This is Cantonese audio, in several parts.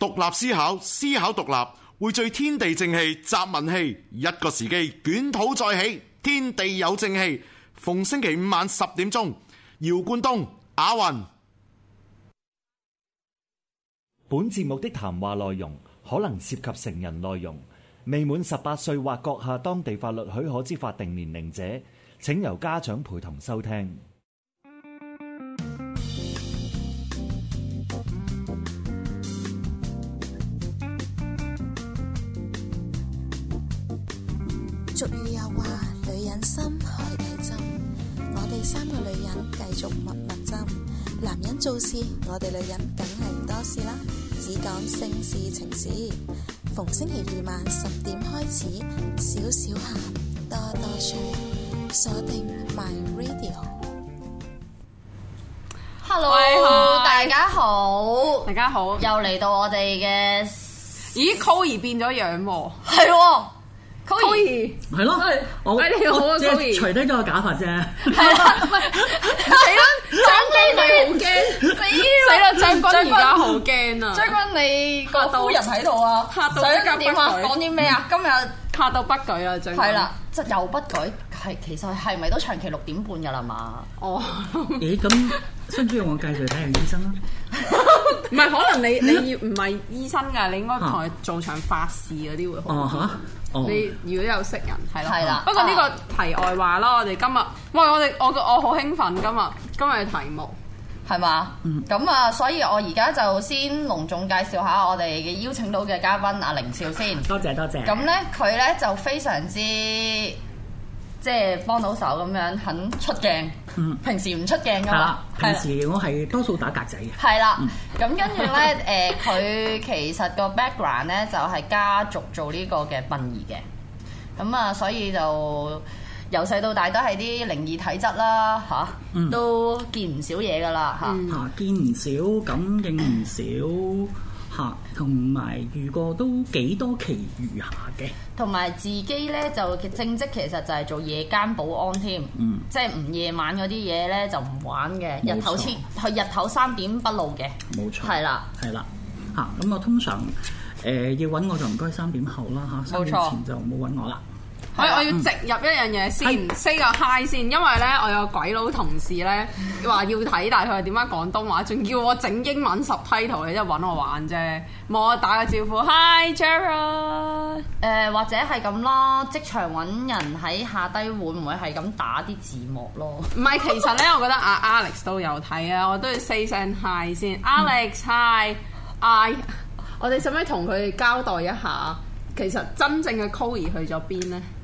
獨立思考，思考獨立，匯聚天地正氣、集文氣，一個時機，捲土再起，天地有正氣。逢星期五晚十點鐘，姚冠東、阿雲。本節目的談話內容可能涉及成人內容，未滿十八歲或閣下當地法律許可之法定年齡者，請由家長陪同收聽。俗物物浸，男人做事，我哋女人梗係唔多事啦，只講性事情事。逢星期二晚十點開始，少少喊，多多唱，鎖定 My Radio。Hello，hi, hi. 大家好，大家好，又嚟到我哋嘅，咦 c o l l 而變咗樣喎，係喎、哦。可以，係咯，我即係除低咗個假髮啫。係啊，唔係死啦！將軍你好驚，死啦！將軍而家好驚啊！將軍，你個夫人喺度啊？吓到點啊？講啲咩啊？今日吓到不舉啊！將軍！係啦！即又不舉，係其實係咪都長期六點半㗎啦嘛？哦，咦咁，想唔想我介紹睇下醫生啦？唔係，可能你你要唔係醫生㗎，你應該同佢做場法事嗰啲、啊、會好哦，啊、你如果有識人，係啦。係啦。不過呢個題外話啦，我哋今日，喂，我哋我我好興奮今，今日今日嘅題目。係嘛？咁啊、嗯，所以我而家就先隆重介紹下我哋嘅邀請到嘅嘉賓阿寧少先多。多謝多謝。咁咧，佢咧就非常之即係、就是、幫到手咁樣，肯出鏡。嗯、平時唔出鏡㗎啦。平時我係多數打格仔嘅。係啦的。咁跟住咧，誒，佢、 呃、其實個 background 咧就係家族做呢個嘅殯儀嘅。咁啊，所以就。由細到大都係啲靈異體質啦，嚇、啊，都見唔少嘢噶啦，嚇、啊。嚇、嗯、見唔少，感應唔少，嚇、啊，同埋遇過都幾多奇遇下嘅。同埋自己咧就正職其實就係做夜間保安添，嗯，即係唔夜晚嗰啲嘢咧就唔玩嘅，錯日頭先去日頭三點不露嘅，冇錯，係啦了，係啦，嚇、啊，咁我通常誒、呃、要揾我就唔該三點後啦，嚇，三點前就唔好揾我啦。錯我、哎、我要植入一樣嘢先，say、哎、個 hi 先，因為咧我有鬼佬同事咧話要睇，但係佢係點樣廣東話，仲叫我整英文十批圖，你即係揾我玩啫。冇我打個招呼，Hi Jero，誒、呃、或者係咁咯，職場揾人喺下低會唔會係咁打啲字幕咯？唔係，其實咧我覺得啊 Alex 都有睇啊，我都要 say 聲 hi 先 ，Alex hi I， 我哋使唔使同佢交代一下？ 其實真正嘅 Cory 去咗邊呢？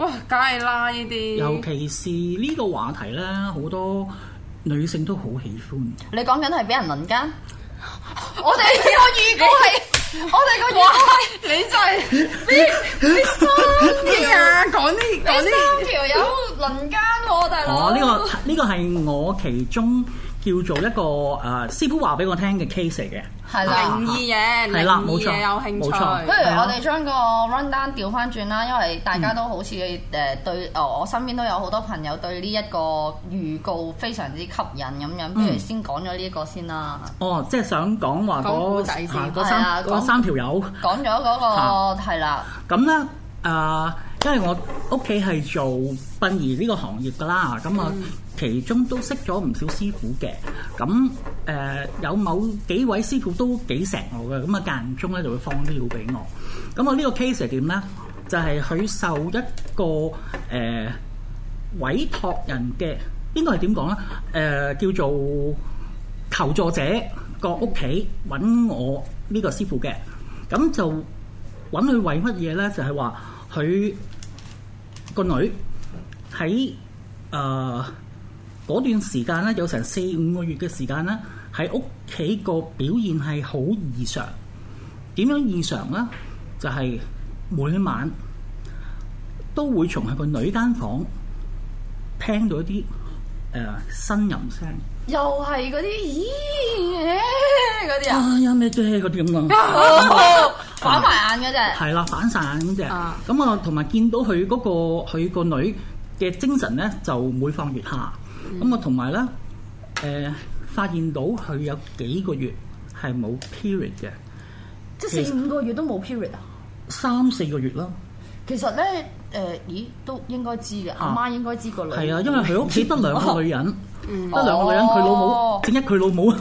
哇，梗係啦呢啲，尤其是呢個話題咧，好多女性都好喜歡。你講緊係俾人輪姦？ 我哋個預估係， 我哋個話係，你就係呢呢三條啊！講呢講呢條有輪姦喎，大佬。哦，呢、這個呢個係我其中。叫做一個誒師傅話俾我聽嘅 case 嚟嘅，靈異嘢，係啦，冇錯有興趣。不如我哋將個 run down 調翻轉啦，因為大家都好似誒對，哦，我身邊都有好多朋友對呢一個預告非常之吸引咁樣，不如先講咗呢個先啦。哦，即係想講話嗰三嗰三條友講咗嗰個係啦。咁咧誒，因為我屋企係做殯儀呢個行業㗎啦，咁啊。其中都識咗唔少師傅嘅，咁誒有某幾位師傅都幾錫我嘅，咁啊間中咧就會放啲料俾我。咁我呢個 case 係點咧？就係佢受一個誒委託人嘅，邊個係點講咧？誒叫做求助者個屋企揾我呢個師傅嘅，咁就揾佢為乜嘢咧？就係話佢個女喺誒。嗰段時間咧，有成四五個月嘅時間咧，喺屋企個表現係好異常。點樣異常咧？就係、是、每晚都會從佢個女間房聽到一啲誒呻吟聲，又係嗰啲咦嗰啲、欸、啊，有咩啫？嗰啲咁樣，反埋眼嗰隻，係啦、啊，反晒眼嗰隻。咁我同埋見到佢嗰、那個佢個女嘅精神咧，就每況愈下。咁啊，同埋咧，誒發現到佢有幾個月係冇 period 嘅，即係四五個月都冇 period 啊，三四個月啦。其實咧，誒咦，都應該知嘅，阿媽應該知個女係啊，因為佢屋企得兩個女人，得兩個女人，佢老母，正一佢老母，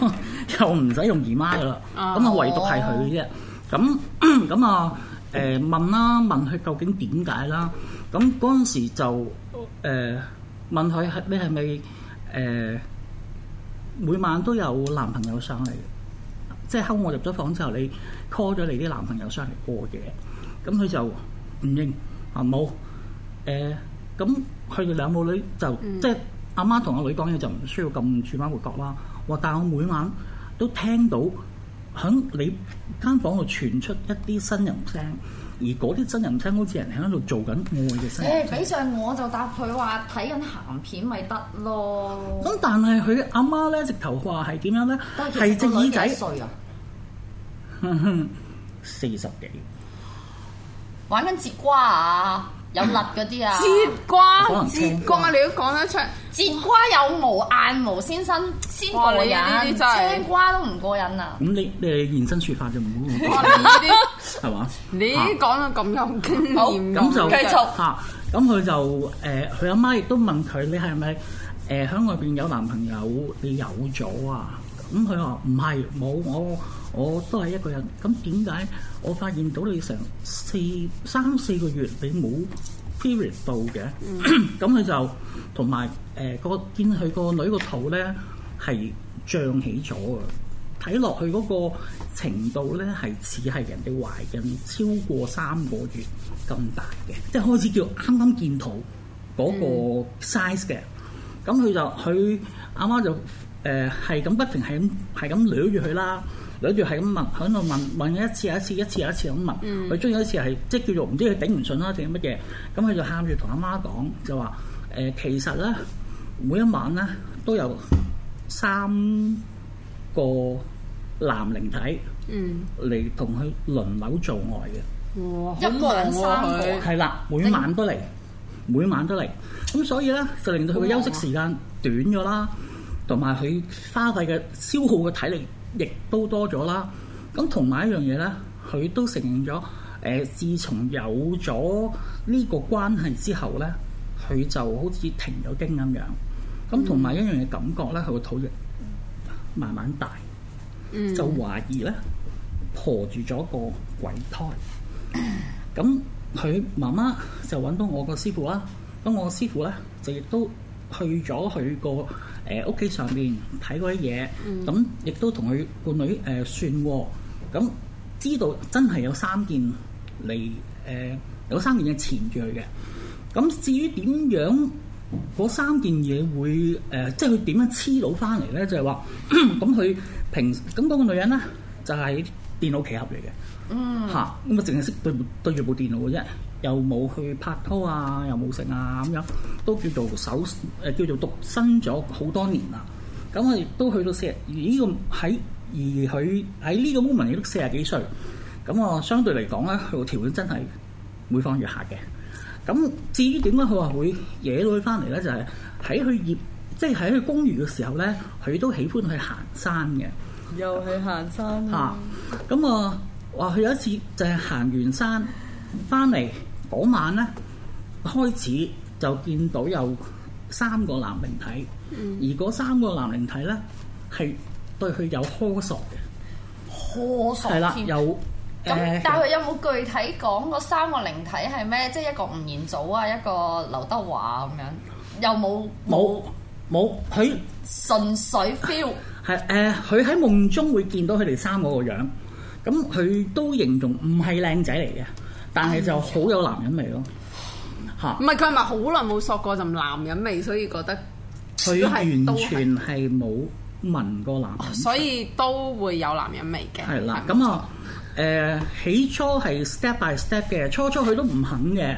又唔使用姨媽㗎喇，咁啊，唯獨係佢嘅啫。咁咁啊，誒問啦，問佢究竟點解啦？咁嗰陣時就誒問佢係你係咪？誒每晚都有男朋友上嚟，即係喺我入咗房之後，你 call 咗你啲男朋友上嚟過夜。咁佢就唔應啊，冇誒。咁佢哋兩母女就、嗯、即係阿媽同阿女講嘢，就唔需要咁轉彎抹角啦。話但係我每晚都聽到響你間房度傳出一啲呻吟聲。而嗰啲真人聽好似人喺喺度做緊愛嘅聲，誒、欸，比上我就答佢話睇緊鹹片咪得咯。咁、嗯、但係佢阿啱阿媽咧直頭話係點樣咧？係隻耳仔碎啊！哼哼，四十幾，玩緊節瓜？啊！有辣嗰啲啊！節瓜、節瓜，你都講得出。節瓜有毛，硬毛先生先過癮，你青瓜都唔過癮啊！咁你你係現身說法就唔好。係嘛？續啊呃、你講到咁嚴謹，咁就繼續吓咁佢就誒，佢阿媽亦都問佢：你係咪誒喺外邊有男朋友？你有咗啊？咁佢話，唔係，冇我，我都係一個人，咁點解我發現到你成四三四個月你冇 period 到嘅？咁佢就同埋誒個見佢個女個肚咧，係脹起咗嘅，睇落去嗰個程度咧，係似係人哋懷孕超過三個月咁大嘅，即係開始叫啱啱見肚嗰個 size 嘅。咁佢就佢阿媽就。誒係咁不停係咁係咁撩住佢啦，撩住係咁問喺度問問一次又一次，一次又一次咁問。佢終於有一次係即係叫做唔知佢頂唔順啦定係乜嘢，咁佢就喊住同阿媽講就話誒其實咧每一晚咧都有三個男靈體嚟同佢輪流做愛嘅。哇！一個人三個係啦，每晚都嚟，每晚都嚟。咁所以咧就令到佢嘅休息時間短咗啦。同埋佢花費嘅消耗嘅體力亦都多咗啦。咁同埋一樣嘢咧，佢都承認咗。誒、呃，自從有咗呢個關係之後咧，佢就好似停咗經咁樣。咁同埋一樣嘢感覺咧，佢個肚亦慢慢大，嗯、就懷疑咧，懷住咗個鬼胎。咁佢、嗯、媽媽就揾到我個師傅啦。咁我個師傅咧就亦都，去咗佢個誒屋企上面睇嗰啲嘢，咁亦都同佢個女誒算，咁知道真係有三件嚟誒、呃，有三件嘢纏住佢嘅。咁至於點樣嗰三件嘢會誒、呃，即係佢點樣黐到翻嚟咧？就係、是、話，咁佢平咁嗰個女人咧，就係、是電，嗯啊、電腦奇俠嚟嘅，吓？咁啊，淨係識對對住部電腦嘅啫。又冇去拍拖啊，又冇食啊，咁樣都叫做守誒叫做獨身咗好多年啦。咁我亦都去到四十，廿、呢個，呢個喺而佢喺呢個 moment 亦都四十幾歲。咁我相對嚟講咧，佢條件真係每況愈下嘅。咁至於點解佢話會惹到佢翻嚟咧？就係喺佢業即係喺佢公餘嘅時候咧，佢都喜歡去行山嘅。又去行山嚇、啊！咁、啊、我話佢有一次就係行完山翻嚟。嗰晚咧開始就見到有三個男靈體，嗯、而嗰三個男靈體咧係對佢有呵索嘅，呵索添。了有咁，嗯、但佢有冇具體講嗰三個靈體係咩？即係一個吳彥祖啊，一個劉德華咁樣，又冇冇冇，佢純粹 feel 係誒，佢喺、嗯嗯、夢中會見到佢哋三個個樣，咁佢都形容唔係靚仔嚟嘅。但係就好有男人味咯，嚇、嗯！唔係佢係咪好耐冇索過就男人味？所以覺得佢完全係冇聞過男人、哦，所以都會有男人味嘅。係啦，咁啊誒，起初係 step by step 嘅，初初佢都唔肯嘅。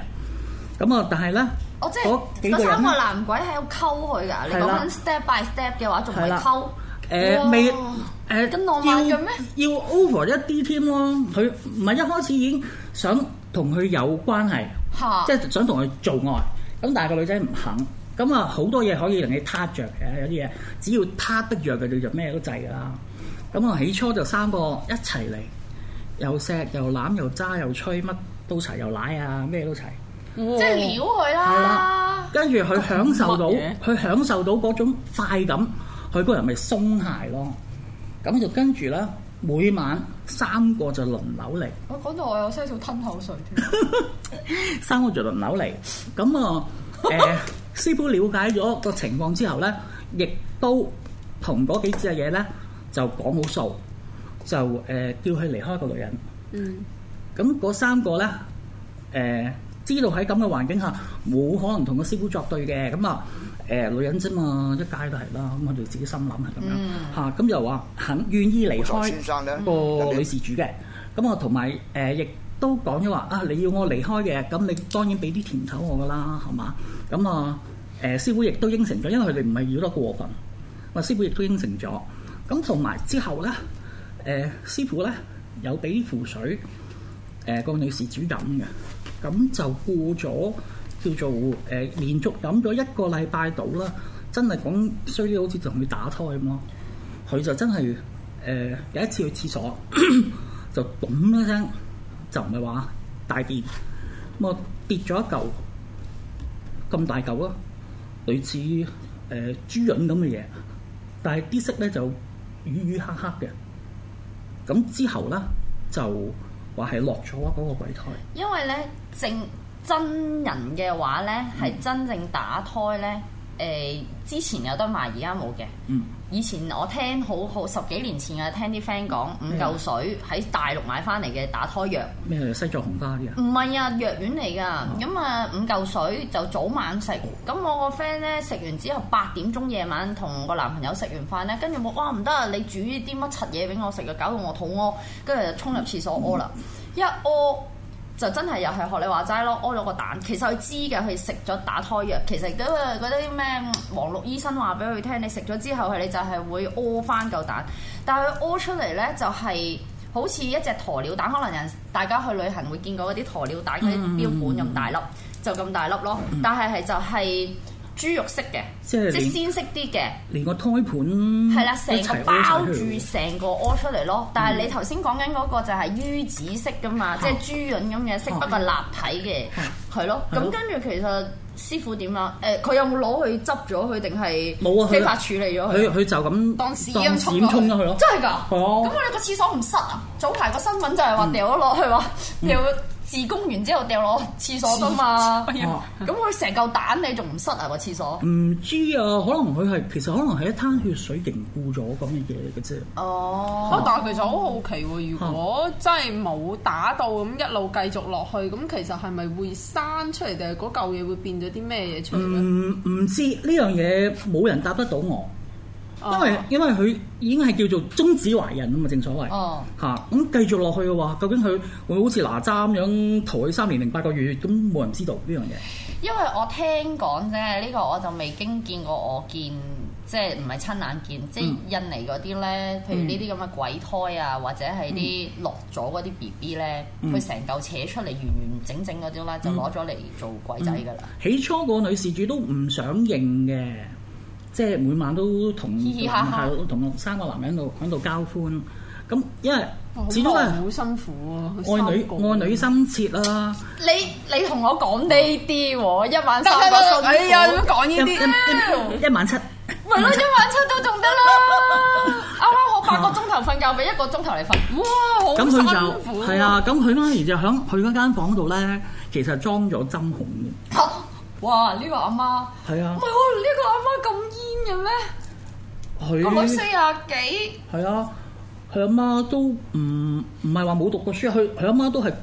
咁啊，但係咧，我、哦、即係三個男鬼喺度溝佢㗎。啦你講緊 step by step 嘅話，仲係溝誒未咁誒、呃？要要 over 一啲添咯。佢唔係一開始已經想，想。同佢有關係，哈即係想同佢做愛，咁但係個女仔唔肯，咁啊，好多嘢可以令你撻着嘅，有啲嘢只要撻得着嘅，你就咩都制噶啦。咁啊，起初就三個一齊嚟，又錫又攬又揸又吹，乜都齊，又奶啊，咩都齊，即係撩佢啦。跟住佢享受到，佢麼享受到嗰種快感，佢個人咪鬆懈咯。咁就跟住啦。每晚三個就輪流嚟。我講到我有些少吞口水添。三個就輪流嚟，咁啊，誒師傅瞭解咗個情況之後咧，亦都同嗰幾隻嘢咧就講冇數，就誒叫佢離開個女人。嗯。咁嗰三個咧，誒知道喺咁嘅環境下冇可能同個師傅作對嘅，咁啊。誒女人啫嘛，一街都係啦，咁我哋自己心諗係咁樣嚇，咁又話肯願意離開個女事主嘅，咁啊同埋誒亦都講咗話啊，你要我離開嘅，咁你當然俾啲甜頭我噶啦，係嘛？咁啊誒師傅亦都應承咗，因為佢哋唔係要得過分，我師傅亦都應承咗。咁同埋之後咧，誒師傅咧有俾符水誒個女事主飲嘅，咁就過咗。叫做誒、呃、連續飲咗一個禮拜到啦，真係講衰啲好似同佢打胎咁咯。佢就真係誒、呃、有一次去廁所 就噉一聲就唔係話大便，咁、嗯、我跌咗一嚿咁大嚿咯，類似於誒、呃、豬潤咁嘅嘢，但係啲色咧就淤淤黑黑嘅。咁、嗯、之後啦就話係落咗嗰個鬼胎，因為咧正。真人嘅話呢，係、嗯、真正打胎呢。誒、呃、之前有得賣，而家冇嘅。嗯、以前我聽好好十幾年前啊，聽啲 friend 講五嚿水喺大陸買翻嚟嘅打胎藥。咩西藏紅花啲啊？唔係啊，藥丸嚟㗎。咁啊、嗯、五嚿水就早晚食。咁我個 friend 呢，食完之後八點鐘夜晚同個男朋友食完飯呢，跟住我哇唔得啊！你煮啲乜柒嘢俾我食啊？搞到我肚屙，跟住就衝入廁所屙啦。一屙、嗯。嗯就真係又係學你話齋咯，屙咗個蛋。其實佢知嘅，佢食咗打胎藥。其實嗰啲咩黃綠醫生話俾佢聽，你食咗之後係你就係會屙翻嚿蛋。但係佢屙出嚟咧，就係好似一隻鴕鳥蛋，可能人大家去旅行會見過嗰啲鴕鳥蛋嗰啲、mm hmm. 標本咁大粒，就咁大粒咯。但係係就係、是。豬肉色嘅，即係即鮮色啲嘅，連個胎盤，係啦，成個包住成個屙出嚟咯。但係你頭先講緊嗰個就係豬紫色噶嘛，即係豬潤咁嘅色，不過立體嘅，係咯。咁跟住其實師傅點啊？誒，佢有冇攞去執咗佢，定係冇啊？非法處理咗佢，佢就咁當屎咁沖咗佢咯。真係㗎，咁我哋個廁所唔塞啊！早排個新聞就係話掉咗落去話掉。自攻完之後掉落廁所㗎嘛，咁佢成嚿蛋你仲唔塞啊個廁所？唔知啊，可能佢係其實可能係一灘血水凝固咗咁嘅嘢嚟嘅啫。哦，哦、但係其實好好奇喎、啊，如果真係冇打到咁、嗯、一路繼續落去，咁其實係咪會生出嚟定係嗰嚿嘢會變咗啲咩嘢出嚟咧？唔唔、嗯、知呢樣嘢冇人答得到我。因為因為佢已經係叫做終止懷孕啊嘛，正所謂嚇咁繼續落去嘅話，究竟佢會，會好似哪吒咁樣逃去三年零八個月，都冇人知道呢樣嘢。因為我聽講啫，呢、這個我就未經見過，我見即係唔係親眼見，即係印尼嗰啲咧，譬、嗯、如呢啲咁嘅鬼胎啊，或者係啲落咗嗰啲 B B 咧，佢成嚿扯出嚟完完整整嗰啲咧，嗯、就攞咗嚟做鬼仔噶啦、嗯嗯。起初個女事主都唔想認嘅。即係每晚都同同大佬同三個男人喺度喺度交歡，咁因為始終係好辛苦，愛女愛女心切啦、啊。 你你同我講呢啲喎， 一晚三個鐘頭， 哎呀，點講呢啲？一晚七，咪咯，一晚七都仲得啦。啱啱、 啊、我八個鐘頭瞓覺，俾一個鐘頭你瞓，哇，好辛苦。係啊，咁佢咧，然，後呢然後就喺佢嗰間房度咧，其實裝咗針孔嘅。 哇！呢、這個阿媽，係啊，唔係喎！呢個阿媽咁煙嘅咩？佢四啊幾，係啊，佢阿媽都唔唔係話冇讀過書，佢佢阿媽都係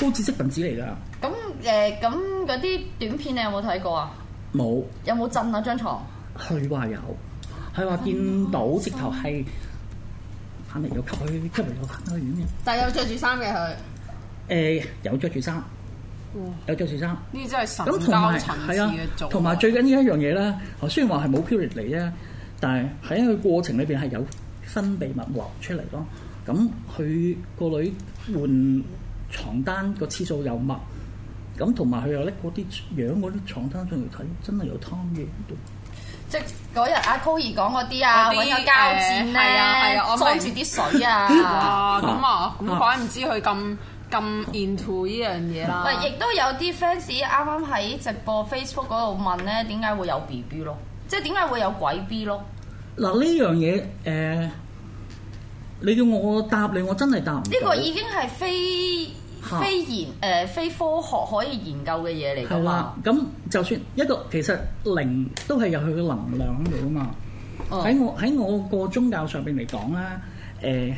高知識分子嚟噶。咁誒，咁嗰啲短片你有冇睇過啊？冇。有冇震啊張床？佢話有，佢話見到直頭係下面有佢，出嚟有其他嘢。但係有着住衫嘅佢，誒有着住衫。有張小生，呢啲真係神交層次，同埋最緊要一樣嘢咧，雖然話係冇 period 嚟啫，但係喺佢過程裏邊係有分泌物流出嚟咯。咁佢個女換床單個次數又密，咁同埋佢又拎嗰啲樣嗰啲床單仲要睇，真係有湯喺度。即係嗰日阿 Kohi 講嗰啲啊，揾個膠墊咧，裝住啲水啊，咁啊，咁怪唔知佢咁。咁 into 呢樣嘢啦，唔係亦、嗯、都有啲 fans 啱啱喺直播 Facebook 嗰度問咧，點解會有 B B 咯？即係點解會有鬼 B 咯？嗱，呢樣嘢誒，你叫我答你，我真係答唔到。呢個已經係非哈非研誒、呃、非科學可以研究嘅嘢嚟嘅嘛。咁就算一個其實零都係有佢嘅能量喺度啊嘛。喺、嗯、我喺我個宗教上邊嚟講啦，誒、呃、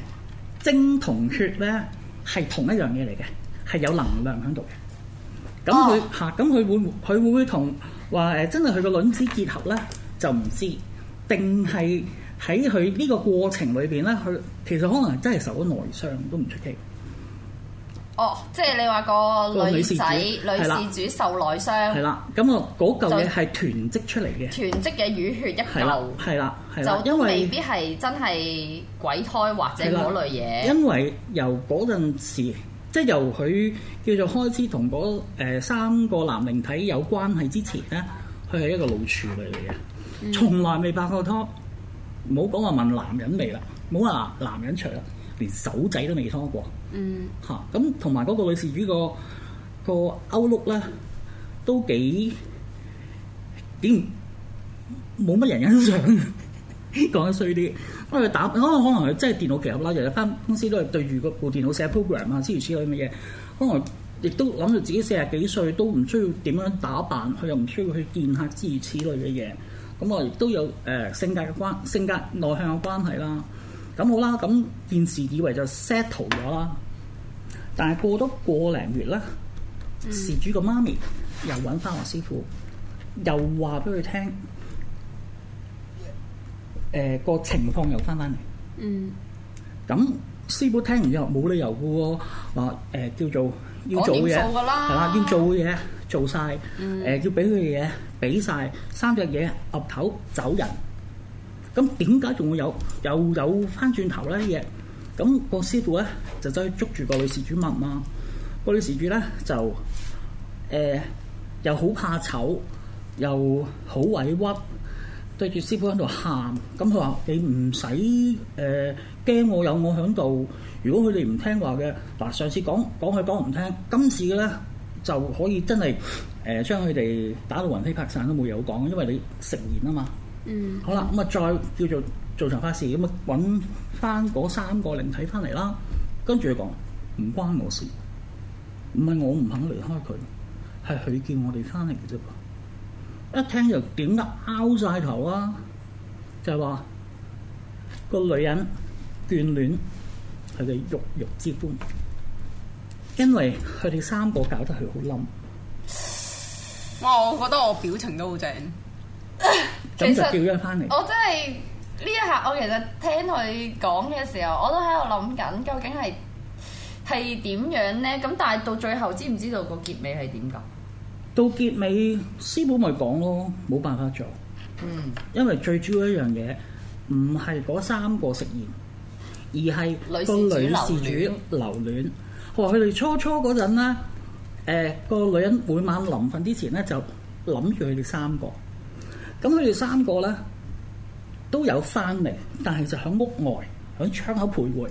精同血咧。係同一樣嘢嚟嘅，係有能量喺度嘅。咁佢嚇，咁佢、oh. 啊、會佢會唔會同話誒真係佢個卵子結合咧？就唔知，定係喺佢呢個過程裏邊咧，佢其實可能真係受咗內傷，都唔出奇。哦，即係你話個女仔女事主的受內傷，係啦。咁、那、啊、個，嗰嚿嘢係囤積出嚟嘅，囤積嘅淤血一嚿，係啦，就因都未必係真係鬼胎或者嗰的類嘢。因為由嗰陣時，即係由佢叫做開始同嗰誒三個男靈體有關係之前咧，佢係一個老處女嚟嘅，從、嗯、來未拍過拖。冇講話問男人嚟啦，冇話男，男人除啦，連手仔都未拖過。嗯，嚇咁同埋嗰個女士主、嗰個個歐陸咧，都幾點冇乜人欣賞。講 得衰啲，因為佢打、啊、可能可能佢真係電腦騎客啦，日日翻公司都係對住個部電腦寫 program 啊，諸如此類嘅嘢。可能亦都諗住自己四十幾歲都唔需要點樣打扮，佢又唔需要去見客諸如此類嘅嘢。咁、嗯、啊，亦都有誒、呃、性格嘅關性格內向嘅關係啦。咁好啦，咁件事以為就 settle 咗啦。但係過個多過零月啦，事、嗯、主個媽咪又揾翻我師傅，又話俾佢聽，誒、呃、個情況又翻翻嚟。嗯，咁師傅聽完之後冇理由嘅喎、哦，話、呃、叫做要做嘢，係啦，要做嘅嘢做晒，誒要俾佢嘅嘢俾晒，三隻嘢岌頭走人。咁點解仲會有又有翻轉頭呢啲嘢？咁個師傅咧就走去捉住個女事主問嘛，個女事主咧就誒又好怕醜，又好委屈，對住師傅喺度喊。咁佢話：你唔使誒驚，呃、我有我喺度。如果佢哋唔聽話嘅，嗱、啊、上次講講佢講唔聽，今次嘅咧就可以真係誒、呃、將佢哋打到魂飛魄散都冇嘢好講，因為你食言啊嘛。嗯。好啦，咁啊再叫做。做場法事，咁啊，揾翻嗰三個靈體翻嚟啦，跟住佢講，唔關我事，唔係我唔肯離開佢，係佢叫我哋翻嚟嘅啫噃。一聽就點得拗晒頭啊！就係話個女人眷戀佢哋肉肉之歡，因為佢哋三個搞得佢好冧。哇！我覺得我表情都好正。咁就叫咗翻嚟。我真係～呢一刻我其實聽佢講嘅時候，我都喺度諗緊究竟係係點樣咧？咁但係到最後知唔知道個結尾係點噶？到結尾師傅咪講咯，冇辦法做。嗯，因為最主要一樣嘢唔係嗰三個食言，而係個女事主留戀。佢話佢哋初初嗰陣咧，誒、呃嗰個女人每晚臨瞓之前咧就諗住佢哋三個，咁佢哋三個咧。都有翻嚟，但係就喺屋外，喺窗口徘徊。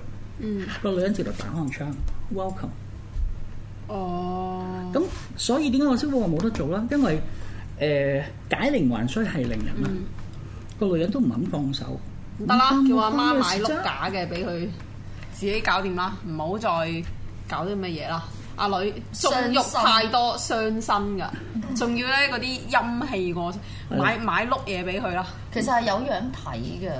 個、嗯、女人直頭打開窗，Welcome。哦。咁所以點解我師傅話冇得做啦？因為誒、呃、解鈴還須繫鈴人啊。個、嗯、女人都唔肯放手。得啦，叫阿媽，媽買碌假嘅俾佢自己搞掂啦，唔好再搞啲乜嘢啦。阿女，仲慾太多傷身噶，仲 要咧嗰啲陰氣過， 買買碌嘢俾佢啦。其實係有樣睇噶，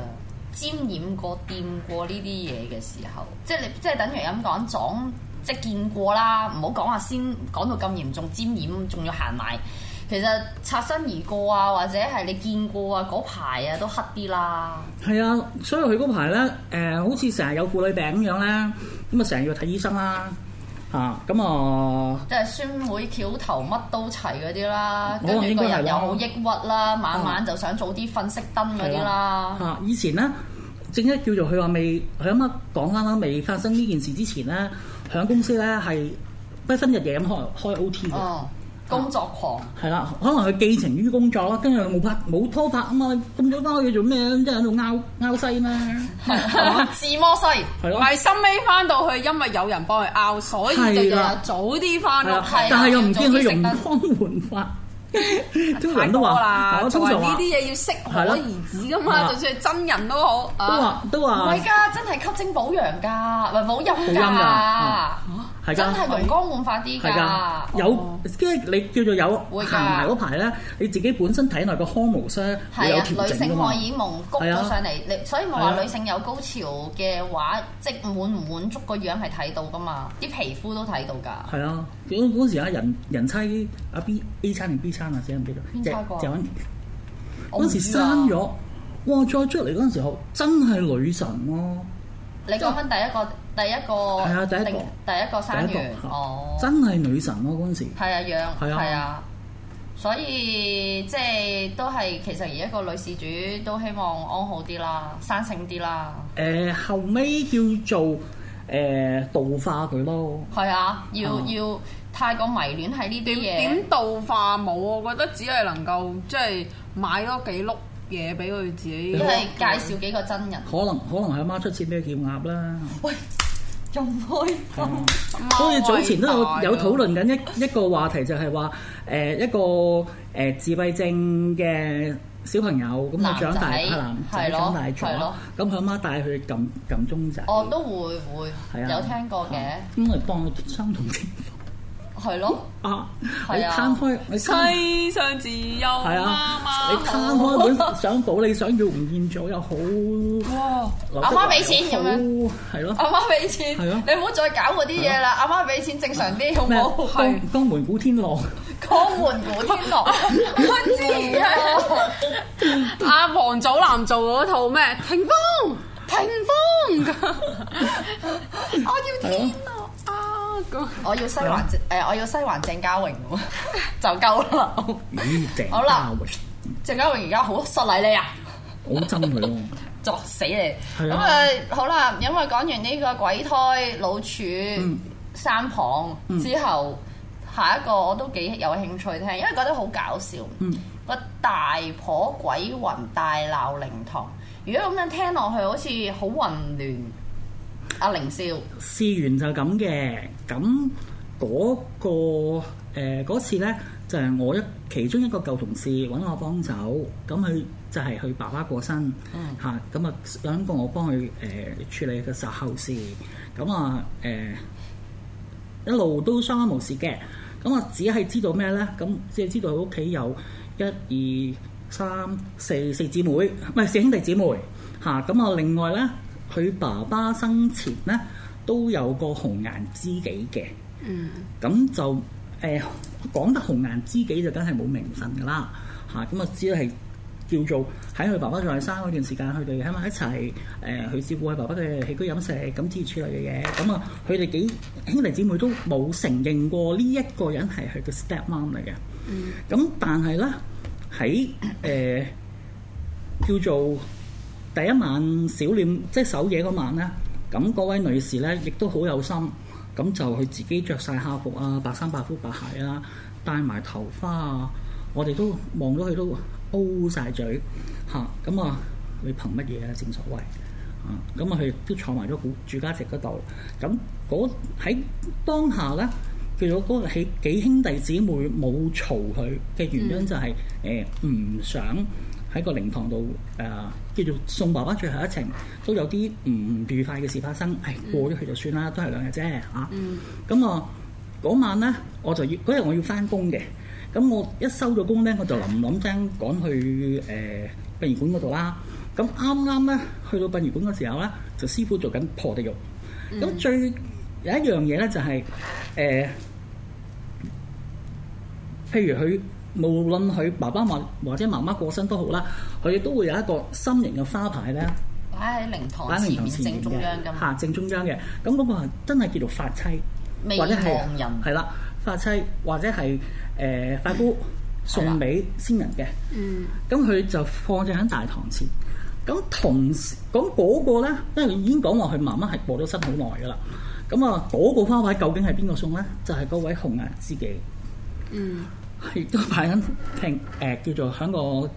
沾、嗯、染過、掂過呢啲嘢嘅時候，即係你即係等於咁講撞，即係見過啦，唔好講話先講到咁嚴重沾染，仲要行埋。其實擦身而過啊，或者係你見過啊嗰排啊都黑啲啦。係啊，所以佢嗰排咧，誒、呃、好似成日有婦女病咁樣咧，咁啊成日要睇醫生啦、啊。啊！咁、嗯、啊，即係酸妹橋頭乜都齊嗰啲啦，跟住、哦、個人又好抑鬱啦，晚、哦、晚就想早啲瞓熄燈嗰啲啦。嚇、啊啊！以前咧，正一叫做佢話未，佢響乜講啱啱未發生呢件事之前咧，響公司咧係不分日夜咁開開 OT 嘅。哦工作狂係啦，可能佢寄情於工作咯，跟住佢冇拍冇拖拍啊嘛，咁早翻去做咩咧？即係喺度拗拗西咩？自摸西係咯，咪收尾翻到去，因為有人幫佢拗，所以就早啲翻屋企係，但係又唔見佢容光煥發，超人都話，通常呢啲嘢要適可而止噶嘛。就算係真人都好，都話都話，唔係噶，真係吸精補陽噶，唔係補陰噶。真係容光煥發啲㗎，有即係你叫做有行埋嗰排咧，你自己本身體內個荷爾蒙咧有係啊，女性荷爾蒙谷咗上嚟，你所以我話女性有高潮嘅話，即滿唔滿足個樣係睇到㗎嘛，啲皮膚都睇到㗎。係啊，我嗰時阿人人妻阿 B A 餐定 B 餐啊，死唔記得。邊個？我知嗰時生咗，哇！再出嚟嗰陣時候，真係女神咯。你講翻第一個。第一個，第一個，第一個生羊，真係女神咯！嗰陣時係啊，養係啊，啊，啊，所以即係都係，其實而一個女事主都希望安好啲啦，生性啲啦。誒、呃，後尾叫做誒導、呃、化佢咯。係啊，要要太過迷戀喺呢啲嘢，要點導化冇？我覺得只係能夠即係買多幾碌。嘢俾佢自己，都係介紹幾個真人。可能可能係阿媽出錢俾佢叫鴨啦。喂，仲開心。所以早前都有有討論緊一一個話題，就係話誒一個誒自閉症嘅小朋友咁，佢長大可能長大咗，咁佢阿媽帶佢撳撳鐘仔。我都會會有聽過嘅。咁咪幫佢心痛係咯。啊，你攤開，世上自有阿媽，你攤開本相簿，你想要吳彥祖又好哇，阿媽俾錢咁樣。係咯，阿媽俾錢。係咯，你唔好再搞嗰啲嘢啦，阿媽俾錢正常啲好唔好？江江門古天樂，江門古天樂。我知啊，阿王祖藍做嗰套咩？停風，停風，我點知？我要西環鄭，誒麼、呃，我要西環鄭嘉穎， 就夠啦了。嗯、鄭好啦，鄭嘉穎，而家好失禮你啊！好憎佢喎，作 死你了！咁啊，嗯、好啦，因為講完呢個鬼胎老處、嗯、三房之後，嗯、下一個我都幾有興趣聽，因為覺得好搞笑。嗯，個大婆鬼魂大鬧靈堂，如果咁樣聽落去，好似好混亂。阿、啊、寧少試完就咁嘅，咁嗰、那個誒嗰、呃、次咧就係、是、我一其中一個舊同事揾我幫手，咁佢就係佢爸爸過身，吓咁、嗯、啊想叫我幫佢誒處理個煞後事，咁啊誒、呃、一路都相安無事嘅，咁啊，只係知道咩咧？咁即係知道佢屋企有一二三四四姊妹，唔係四兄弟姊妹吓，咁啊，啊另外咧。佢爸爸生前咧都有個紅顏知己嘅，咁、嗯、就誒講、呃、得紅顏知己就梗係冇名分噶啦嚇，咁啊只係叫做喺佢爸爸在生嗰段時間，佢哋喺埋一齊誒去照顧佢爸爸嘅起居飲食，咁之類嘅嘢。咁啊，佢哋幾兄弟姊妹都冇承認過呢一個人係佢嘅 step mom 嚟嘅。咁、嗯、但係咧喺誒叫做。第一晚小殮即係守夜嗰晚咧，咁嗰位女士咧亦都好有心，咁就佢自己着晒校服啊、白衫白褲白鞋啊，戴埋頭花啊，我哋都望咗佢都 O 晒嘴吓，咁啊，你、啊、憑乜嘢啊？正所謂啊，咁啊佢亦都坐埋咗個住家席嗰度，咁喺當下咧，叫做嗰係幾兄弟姊妹冇嘈佢嘅原因就係誒唔想。喺個靈堂度誒、呃、叫做送爸爸最後一程，都有啲唔愉快嘅事發生。誒過咗去就算啦，都係兩日啫嚇。咁啊嗰、嗯嗯、晚咧，我就要嗰日我要翻工嘅。咁我一收咗工咧，我就臨臨聲趕去誒殯儀館嗰度啦。咁啱啱咧去到殯儀館嗰時候咧，就師傅做緊破地獄。咁、嗯、最有一樣嘢咧就係、是、誒、呃，譬如佢。無論佢爸爸或或者媽媽過身都好啦，佢都會有一個心形嘅花牌咧，擺喺靈堂前面,前面正中央噶，嚇正中央嘅。咁嗰個真係叫做發妻,妻，或者係，係、呃、啦，發妻或者係誒發夫送俾先人嘅。嗯吧，咁佢就放喺喺大堂前。咁、嗯、同時嗰、那個咧，因為佢已經講話佢媽媽係過咗身好耐噶啦。咁啊，嗰個花牌究竟係邊個送咧？就係、是、嗰位紅顏知己。嗯。亦 都擺響平，誒、欸，叫做響個。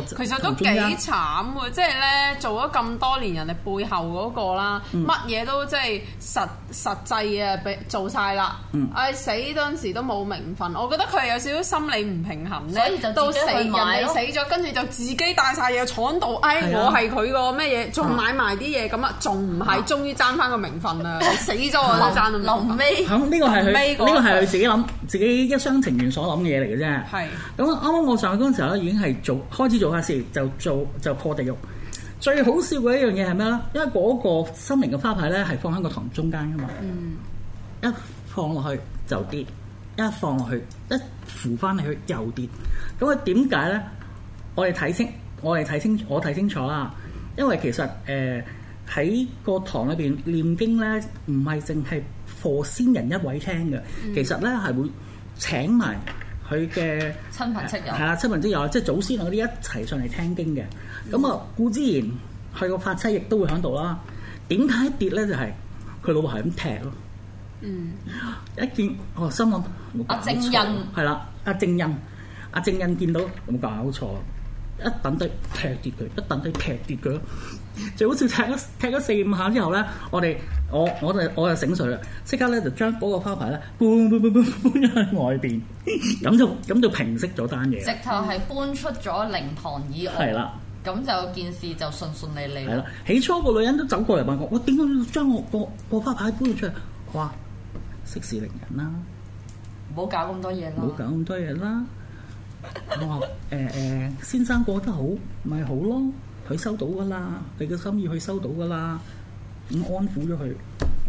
其實都幾慘喎，即係咧做咗咁多年人哋背後嗰個啦，乜嘢都即係實實際啊，俾做晒啦。唉死嗰陣時都冇名分，我覺得佢係有少少心理唔平衡咧。到死人死咗，跟住就自己帶晒嘢廠度，唉我係佢個咩嘢，仲買埋啲嘢咁啊，仲唔係，終於爭翻個名分啦！死咗我都爭臨尾。呢個係佢呢個係佢自己諗，自己一廂情願所諗嘅嘢嚟嘅啫。係。咁啱啱我上去嗰陣時候咧，已經係做開始。做下事就做就破地獄。最好笑嘅一樣嘢係咩咧？因為嗰個心靈嘅花牌咧，係放喺個堂中間噶嘛。嗯。一放落去就跌，一放落去一扶翻嚟佢又跌。咁啊點解咧？我哋睇清，我哋睇清，我睇清，清，清楚啦。因為其實誒喺、呃、個堂裏邊念經咧，唔係淨係課先人一位聽嘅，其實咧係會請埋。佢嘅親朋戚友，係啦，親朋戚友即係祖先嗰啲一齊上嚟聽經嘅。咁啊、嗯，顧之然，佢個髮妻亦都會喺度啦。點解跌咧？就係、是、佢老婆係咁踢咯。嗯，一見我、哦、心諗，阿、啊、正印，係啦，阿、啊、正印，阿、啊、正印，見到有冇搞錯？一等對踢跌佢，一等對踢跌佢。最好笑，踢咗踢咗四五下之後咧，我哋我我就我就醒水啦，即刻咧就將嗰個花牌咧搬搬搬搬搬咗喺外邊，咁 就咁就平息咗單嘢。直頭係搬出咗靈堂以外。係啦的，咁就件事就順順利利。係啦，起初個女人都走過嚟問我：我點解要將我個個花牌搬咗出嚟？我哇，息事寧人啦、啊，唔好搞咁多嘢咯。唔好搞咁多嘢啦。 我話誒誒，先生過得好咪好咯。佢收到噶啦，你嘅心意去收到噶啦，咁安撫咗佢。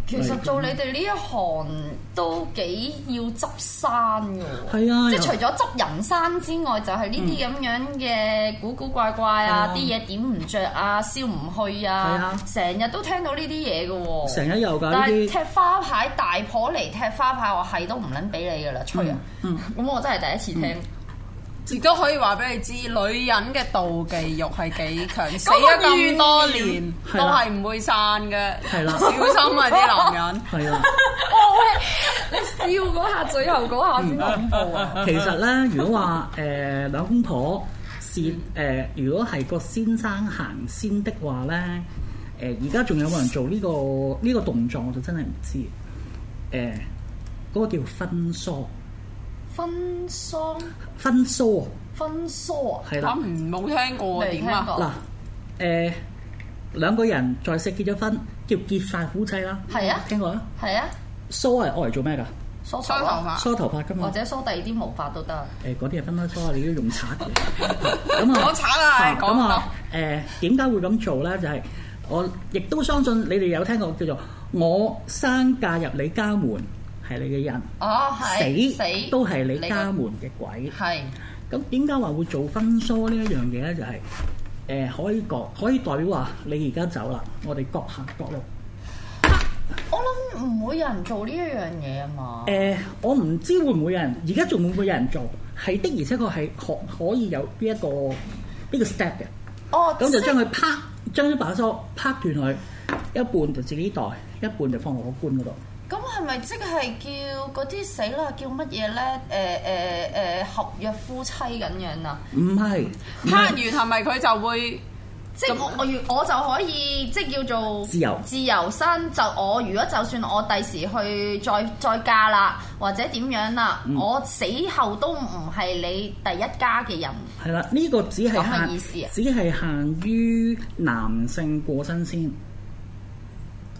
其實做你哋呢一行都幾要執生嘅喎。係啊，即係除咗執人山之外，就係呢啲咁樣嘅古古怪怪啊，啲嘢、嗯啊、點唔着啊，燒唔去啊，成、啊、日都聽到呢啲嘢嘅喎。成日有㗎、啊。些但係踢花牌大婆嚟踢花牌，我係都唔撚俾你㗎啦，吹啊！咁、嗯嗯嗯、我真係第一次聽、嗯。亦都可以話俾你知，女人嘅妒忌欲係幾強， 死咗咁多年都係唔會散嘅。係啦，小心啊啲男人。係啊 是的， 哇喂，你笑嗰下，最後嗰下先恐怖啊？ 其實咧，如果話誒兩公婆先誒，如果係個先生行先的話咧，誒而家仲有冇人做呢、這個呢、這個動作？我就真係唔知。誒、呃、嗰、那個叫分梳。分梳？分梳啊！分梳啊！係啦，我唔冇聽過啊，點啊？嗱，誒，兩個人再社結咗婚，叫結髮夫妻啦，係啊，聽過啊？係啊，梳係愛嚟做咩㗎？梳頭髮，梳頭髮㗎嘛，或者梳第二啲毛髮都得。誒，嗰啲係分開梳啊，你都用刷嘅。講刷啦，講啊，誒，點解會咁做咧？就係我亦都相信你哋有聽過叫做我生嫁入你家門。係你嘅人，哦、死，死都係你家門嘅鬼。係咁，點解話會做分梳一呢一樣嘢咧？就係、是、誒、呃，可以各可以代表話你而家走啦，我哋各行各路。我諗唔會有人做呢一樣嘢啊嘛。誒、呃，我唔知會唔會有人，而家仲會唔會有人做？係的而且確係可可以有呢、這、一個呢、這個 step 嘅。哦，咁、就是、就將佢劈，將呢把梳劈斷佢一半，就自己袋，一半就放落個棺嗰度。咁係咪即係叫嗰啲死啦？叫乜嘢咧？誒誒誒，合約夫妻咁樣啊？唔係，例如係咪佢就會即係就就我我我就可以即係叫做自由自由身，就我如果就算我第時去再再嫁啦，或者點樣啦，嗯、我死後都唔係你第一家嘅人。係啦，呢、這個只係限意思啊，只係限於男性過身先。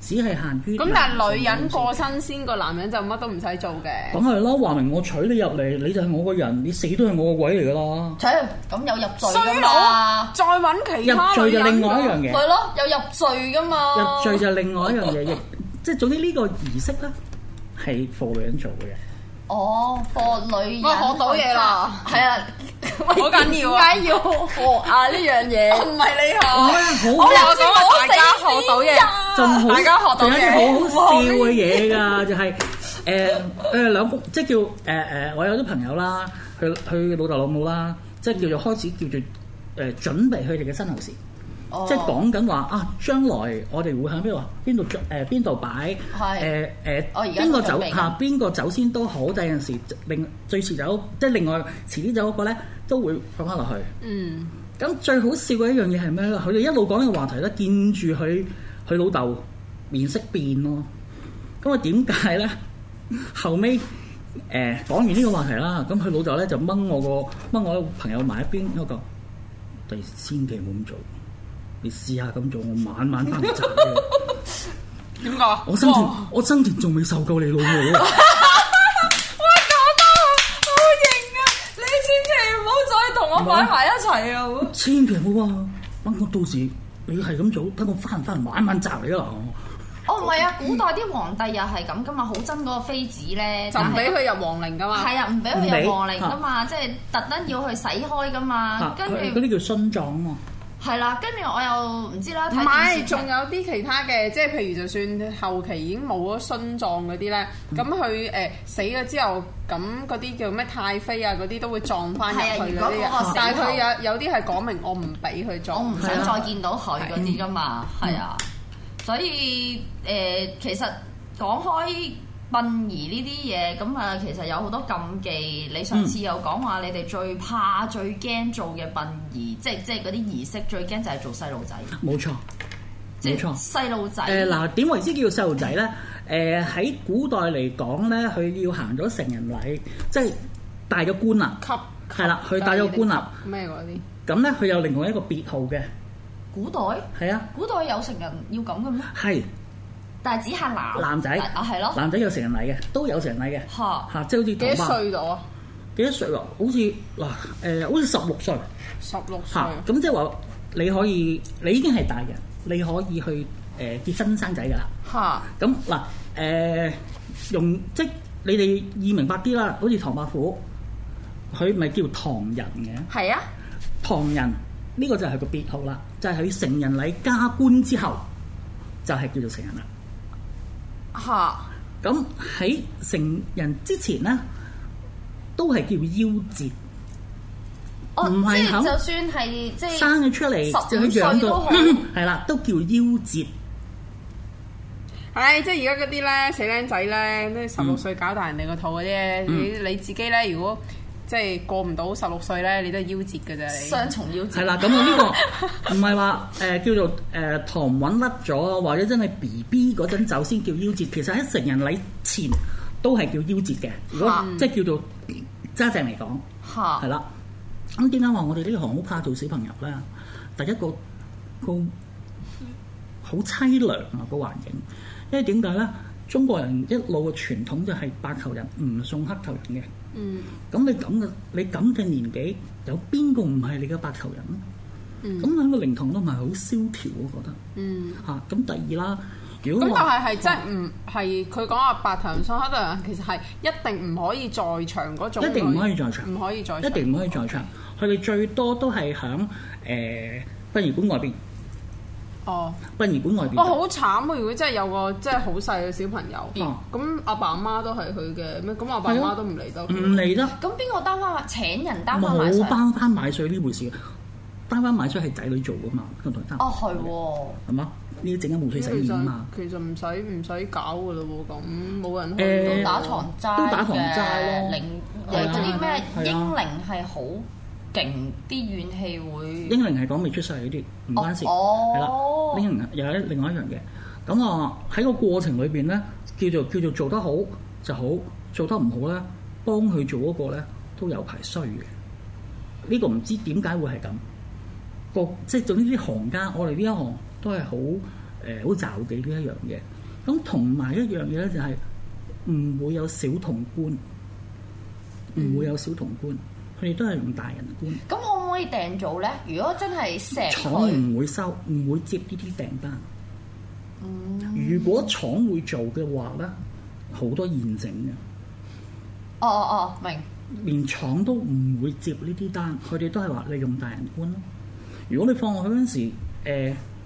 只係限於咁，但係女人過身先，個男人就乜都唔使做嘅。梗係咯，話明我娶你入嚟，你就係我個人，你死都係我個鬼嚟噶啦。娶，咁有入罪噶嘛？衰佬啊！再揾其他嘅。入罪就另外一樣嘢。係咯，有入罪噶嘛？入罪就另外一樣嘢，亦即係總之呢個儀式啦，係 for 女人做嘅。哦，for 女人，我學到嘢啦。係啊，好緊要。點解要學啊呢樣嘢？唔係你學，我又講。到嘢，大家學到嘢，仲有啲好好笑嘅嘢㗎，就係誒誒兩即叫誒誒、呃，我有啲朋友啦，佢佢老豆老母啦，即叫做開始叫做誒準備佢哋嘅身後事。哦、即講緊話啊，將來我哋會喺邊度邊度誒邊度擺，誒誒邊個走嚇邊個走先都好，第陣時另最遲走即另外遲啲走嗰個咧都會放翻落去。嗯。咁最好笑嘅一樣嘢係咩咧？佢哋一路講呢個話題咧，見住佢佢老豆面色變咯。咁啊點解咧？後尾誒、呃、講完呢個話題啦，咁佢老豆咧就掹我個掹我朋友埋一邊，我講，你千祈唔好咁做，你試下咁做，我晚晚翻嚟走。點解？ 我生前我生前仲未受夠你老母。 我擺埋一齊啊！千祈唔好啊！唔通到時你係咁做，等我翻翻嚟晚晚執你、哦、啊！哦，唔係啊，古代啲皇帝又係咁噶嘛，好憎嗰個妃子咧，唔俾佢入皇陵噶嘛，係啊，唔俾佢入皇陵噶嘛，理即係特登要去洗開噶嘛，跟住嗰啲叫殉葬喎。係啦，跟住我又唔知啦。唔係，仲有啲其他嘅，即係譬如就算後期已經冇咗殉葬嗰啲咧，咁佢誒死咗之後，咁嗰啲叫咩太妃啊嗰啲都會撞翻入去嗰啲嘅。但係佢有有啲係講明我唔俾佢撞，我唔想再見到佢嗰啲噶嘛，係啊、嗯、啊。所以誒、呃，其實講開。殯儀呢啲嘢，咁啊，其實有好多禁忌。你上次又講話，你哋、嗯、最怕、最驚做嘅殯儀，即係即係嗰啲儀式，最驚就係做細路仔。冇錯，冇是錯，細路仔。誒嗱、呃，點為之叫細路仔咧？誒喺、 呃、古代嚟講咧，佢要行咗成人禮，即係戴咗冠啊，級係啦，佢戴咗冠啊。咩嗰啲？咁咧，佢有另外一個別號嘅。古代？係啊的。古代有成人要咁嘅咩？係。但係只限男仔生啊，係咯，男仔有成人禮嘅。都有成人禮嘅嚇嚇，即係好似幾多歲咗啊？幾多歲喎？好似嗱誒，好似十六歲十六歲咁，即係話你可以你已經係大人，你可以去誒、呃、結婚生仔噶啦嚇，咁嗱誒用即你哋易明白啲啦，好似唐伯虎，佢咪叫唐人嘅係啊，的唐人呢、這個就係個別號啦，就係、是、佢成人禮加官之後就係、是、叫做成人啦。吓！咁喺、嗯、成人之前咧，都係叫夭折，唔係喺生咗出嚟就去養到，係啦， 都叫夭折。係、哎、即係而家嗰啲咧死僆仔咧，呢十六歲搞大人哋個肚嗰啲，你、嗯、你自己咧如果。即係過唔到十六歲咧，你都係夭折嘅啫。你雙重夭折係啦。咁我呢個唔係話誒叫做誒糖穩甩咗，或者真係 B B 嗰陣走先叫夭折。其實喺成人禮前都係叫夭折嘅。啊、如果即係叫做揸、呃、正嚟講，係啦、啊。咁點解話我哋呢行好怕做小朋友咧？第一個，個好淒涼啊個環境，因為點解咧？中國人一路嘅傳統就係白頭人唔送黑頭人嘅。嗯，咁你咁嘅你咁嘅年紀，有邊個唔係你嘅白頭人咧？嗯，咁兩個靈堂都唔係好蕭條，我覺得。嗯。嚇、啊，咁第二啦。咁但係係即係唔係佢講話白頭人送黑頭人，其實係一定唔可以在場嗰種。一定唔可以在場。唔可以在場。一定唔可以在場，佢哋最多都係喺誒殯儀館外邊。哦不本，殯儀館外邊哦，好慘啊！如果真係有個真係好細嘅小朋友，咁阿、嗯、爸阿媽都係佢嘅咩？咁阿爸阿媽都唔嚟到，唔嚟啦！咁邊個擔幡買？單請人擔幡買。冇擔幡買水呢回事，擔幡買水係仔女做㗎嘛，哦，係喎。係嘛？呢啲正一無趣死嘢嘛。其實唔使唔使搞㗎咯喎，咁冇人去、欸、打床都床齋嘅，領嗰啲咩英靈係好。勁啲怨氣會，英靈係講未出世嗰啲，唔關事，係啦、oh, oh.。英靈又係另外一樣嘢，咁啊喺個過程裏邊咧，叫做叫做做得好就好，做得唔好咧，幫佢做嗰個咧都有排衰嘅。呢、呢個唔知點解會係咁，個即係總之啲行家，我哋呢一行都係好誒好執忌嘅呢一樣嘢。咁同埋一樣嘢咧就係、是、唔會有小同觀，唔、嗯、會有小同觀。佢哋都係用大人觀。咁可唔可以訂做咧？如果真係成，廠唔會收，唔會接呢啲訂單。嗯。如果廠會做嘅話咧，好多現成嘅。哦哦哦，明。連廠都唔會接呢啲單，佢哋都係話你用大人觀咯。如果你放落去嗰陣時、呃，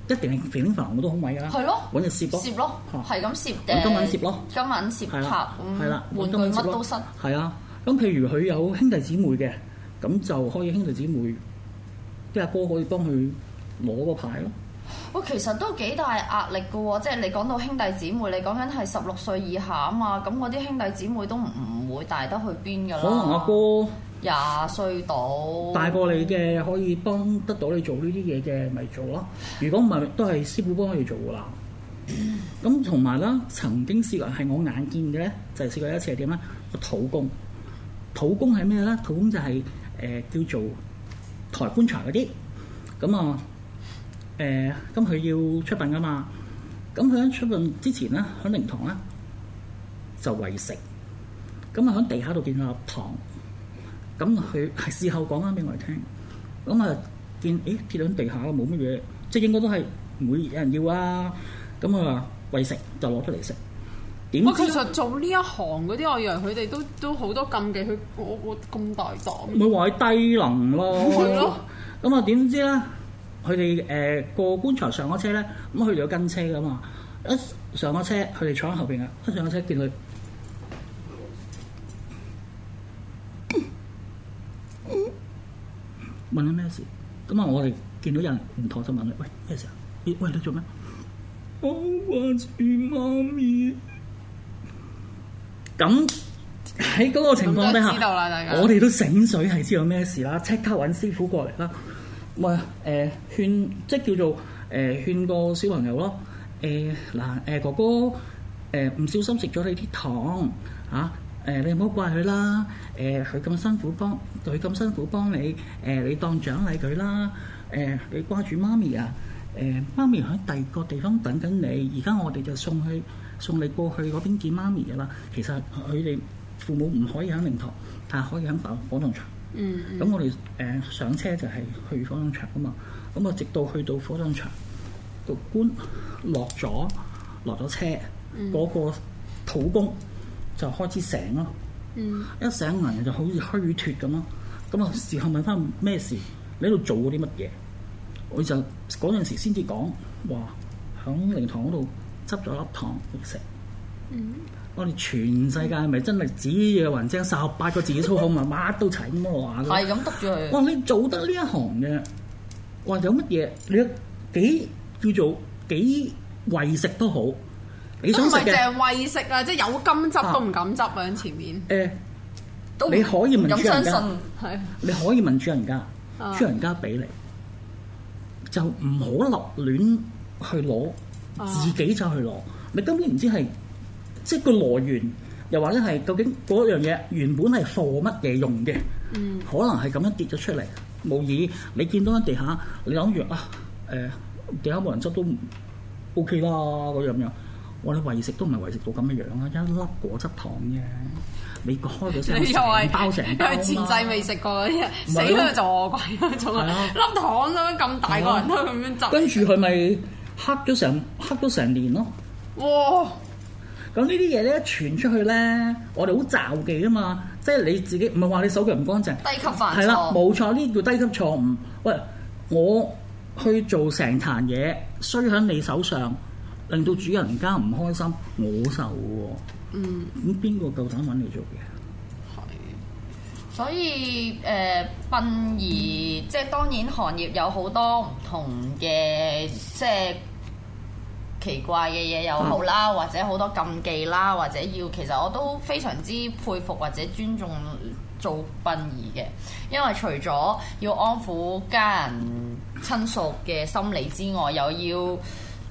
一定係平房我都好買噶啦。係咯，揾人攝攝咯，係咁攝，誒，今晚攝咯，啊、今晚攝拍，係啦，玩具乜都失。係啊，咁、啊啊、譬如佢有兄弟姊妹嘅。咁就可以兄弟姊妹啲阿哥可以幫佢攞個牌咯。哇，其實都幾大壓力噶喎！即係你講到兄弟姊妹，你講緊係十六歲以下啊嘛，咁我啲兄弟姊妹都唔會大得去邊噶啦。可能阿哥廿歲到大過你嘅，可以幫得到你做呢啲嘢嘅，咪做咯。如果唔係，都係師傅幫佢做噶啦。咁同埋啦，曾經試過係我眼見嘅咧，就係、是、試過一次係點咧？個土工，土工係咩咧？土工就係、是。誒叫做抬棺材嗰啲，咁啊誒，咁、呃、佢要出殯噶嘛，咁佢喺出殯之前啦，喺靈堂啦就餵食，咁啊喺地下度見到粒糖，咁佢係事後講翻俾我哋聽，咁啊見誒跌到喺地下冇乜嘢，即係應該都係唔會有人要啊，咁啊餵食就攞出嚟食。我誰其實做呢一行嗰啲，我以為佢哋都都好多禁忌，佢個個咁大膽。唔會話佢低能咯。咯。 咁啊，點知咧？佢哋誒過棺材上咗車咧，咁佢哋有跟車噶嘛？一上咗車，佢哋坐喺後邊啊！一上咗車見，見佢 問緊咩事？咁啊，我哋見到有人唔妥，就問佢：喂，咩事啊？喂，你做咩？我掛住媽咪。咁喺嗰個情況底下，知道大家我哋都醒水係知有咩事啦，即刻搵師傅過嚟啦。喂、呃，誒勸即係叫做誒勸、呃、個小朋友咯。誒、呃、嗱，誒、呃、哥哥誒唔、呃、小心食咗你啲糖啊！誒、呃、你唔好怪佢啦。誒佢咁辛苦幫佢咁辛苦幫你，誒、呃、你當獎勵佢啦。誒、呃、你掛住媽咪啊！誒、呃、媽咪喺第二個地方等緊你，而家我哋就送去。送你過去嗰邊見媽咪嘅啦。其實佢哋父母唔可以喺靈堂，但係可以喺火葬場，嗯。嗯。咁我哋誒、呃、上車就係去火葬場嘅嘛。咁啊，直到去到火葬場，個棺落咗落咗車，嗰、嗯、個土工就開始醒咯。嗯。一醒人就好似虛脱咁咯。咁啊，事後問翻咩事？你喺度做過啲乜嘢？我就嗰陣時先至講，嘩，喺靈堂嗰度。執咗粒糖食，嗯、我哋全世界咪真係指嘢，雲蒸十八個字粗口啊！乜 都齊咁話，係咁篤住。哇！你做得呢一行嘅，哇！有乜嘢？你幾叫做幾餵食都好，你想食嘅餵食啊！即係有金執都唔敢執啊！喺、啊、前面，誒、欸，都不你可以問主人家，你可以問主人家，主 人家俾你，就唔好立亂去攞，自己就去攞，你根本唔知係即係個來源，又或者係究竟嗰樣嘢原本係貨乜嘢用嘅？嗯、可能係咁樣跌咗出嚟，無疑，你見到喺地下，你諗住啊，誒地下冇人執都 O K 啦，嗰樣樣，我哋為食都唔係為食到咁樣樣啦，一粒果汁糖啫，美國開咗先是包成佢前世未食過嗰啲、啊、死咗做鬼，仲係、啊、粒糖咁樣，咁大個人都咁樣執、啊，跟住佢咪。黑咗成黑咗成年咯，哇！咁呢啲嘢咧傳出去咧，我哋好罩忌啊嘛，即係你自己唔係話你手腳唔乾淨，低級犯錯，係啦，冇錯，呢叫低級錯誤。喂，我去做成壇嘢，衰喺你手上，令到主人家唔開心，我受喎。嗯。咁邊個夠膽揾你做嘅？係。所以誒，殯儀即係當然，行業有好多唔同嘅即係。奇怪嘅嘢又好啦，啊、或者好多禁忌啦，或者要其實我都非常之佩服或者尊重做殯儀嘅，因為除咗要安撫家人親屬嘅心理之外，又要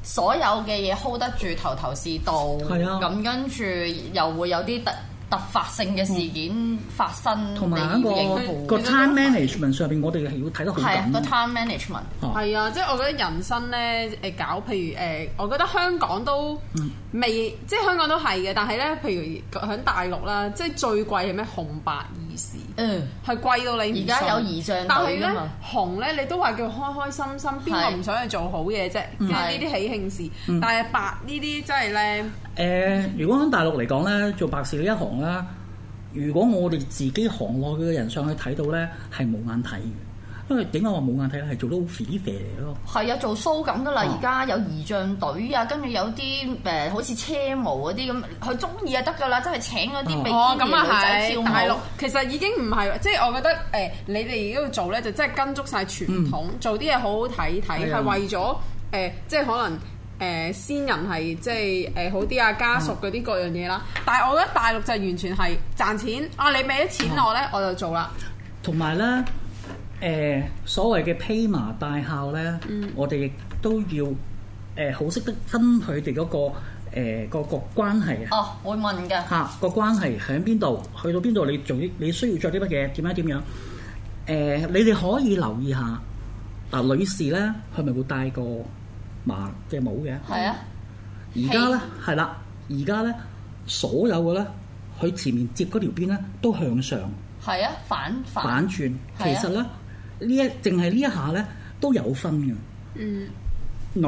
所有嘅嘢 hold 得住頭頭是道，咁、啊、跟住又會有啲特突發性嘅事件發生，那個，同埋個個個 time management 上邊，我哋係要睇得好緊要。係啊，個 time management 係啊。嗯、即係我覺得人生咧，誒搞，譬如誒我覺得香港都未，嗯、即係香港都係嘅，但係咧，譬如響大陸啦，即係最貴係咩紅白。嗯，係貴到你而家有儀象但係呢。但啊嘛！紅咧，你都話叫開開心心，邊個唔想去做好嘢啫？跟住呢啲喜慶事，嗯、但係白呢啲真係咧，誒、嗯，如果喺大陸嚟講咧，做白事呢一行啦，如果我哋自己行內嘅人上去睇到咧，係冇眼睇。因為點解我冇眼睇咧？係做到好肥肥嚟咯。係啊，做 show 咁噶啦，而家有儀仗隊啊，跟住有啲誒、呃，好似車模嗰啲咁，佢中意啊得噶啦，真係請嗰啲未結婚嘅女仔跳舞。哦，咁啊係，大陸其實已經唔係即係我覺得誒、呃，你哋而家做咧就真係跟足晒傳統，嗯、做啲嘢好好睇睇，係、嗯、為咗誒、呃，即係可能誒、呃、先人係即係誒好啲啊，家屬嗰啲各樣嘢啦。嗯、但係我覺得大陸就完全係賺錢啊！你俾啲錢我咧，我就做啦。同埋咧。誒、呃、所謂嘅披麻戴孝咧，呢嗯、我哋亦都要誒好識得分佢哋嗰個誒、呃、個個關係啊。哦，會問嘅嚇、啊、個關係喺邊度，去到邊度？你仲你需要着啲乜嘢？點樣點樣？誒、呃，你哋可以留意下嗱，女士咧，佢咪會戴個麻嘅帽嘅？係啊。而家咧係啦，而家咧所有嘅咧，佢前面接嗰條邊咧都向上。係啊，反反，反轉。啊、其實咧。呢一淨係呢一下咧都有分嘅，嗯、女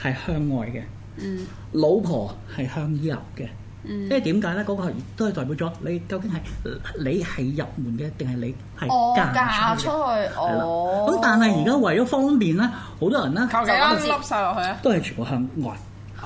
係向外嘅，嗯、老婆係向入嘅、嗯，即係點解咧？嗰個都係代表咗你究竟係你係入門嘅定係你係嫁出、哦、出去？係、哦、咁但係而家為咗方便咧，好、哦、多人咧都係全，全部向外。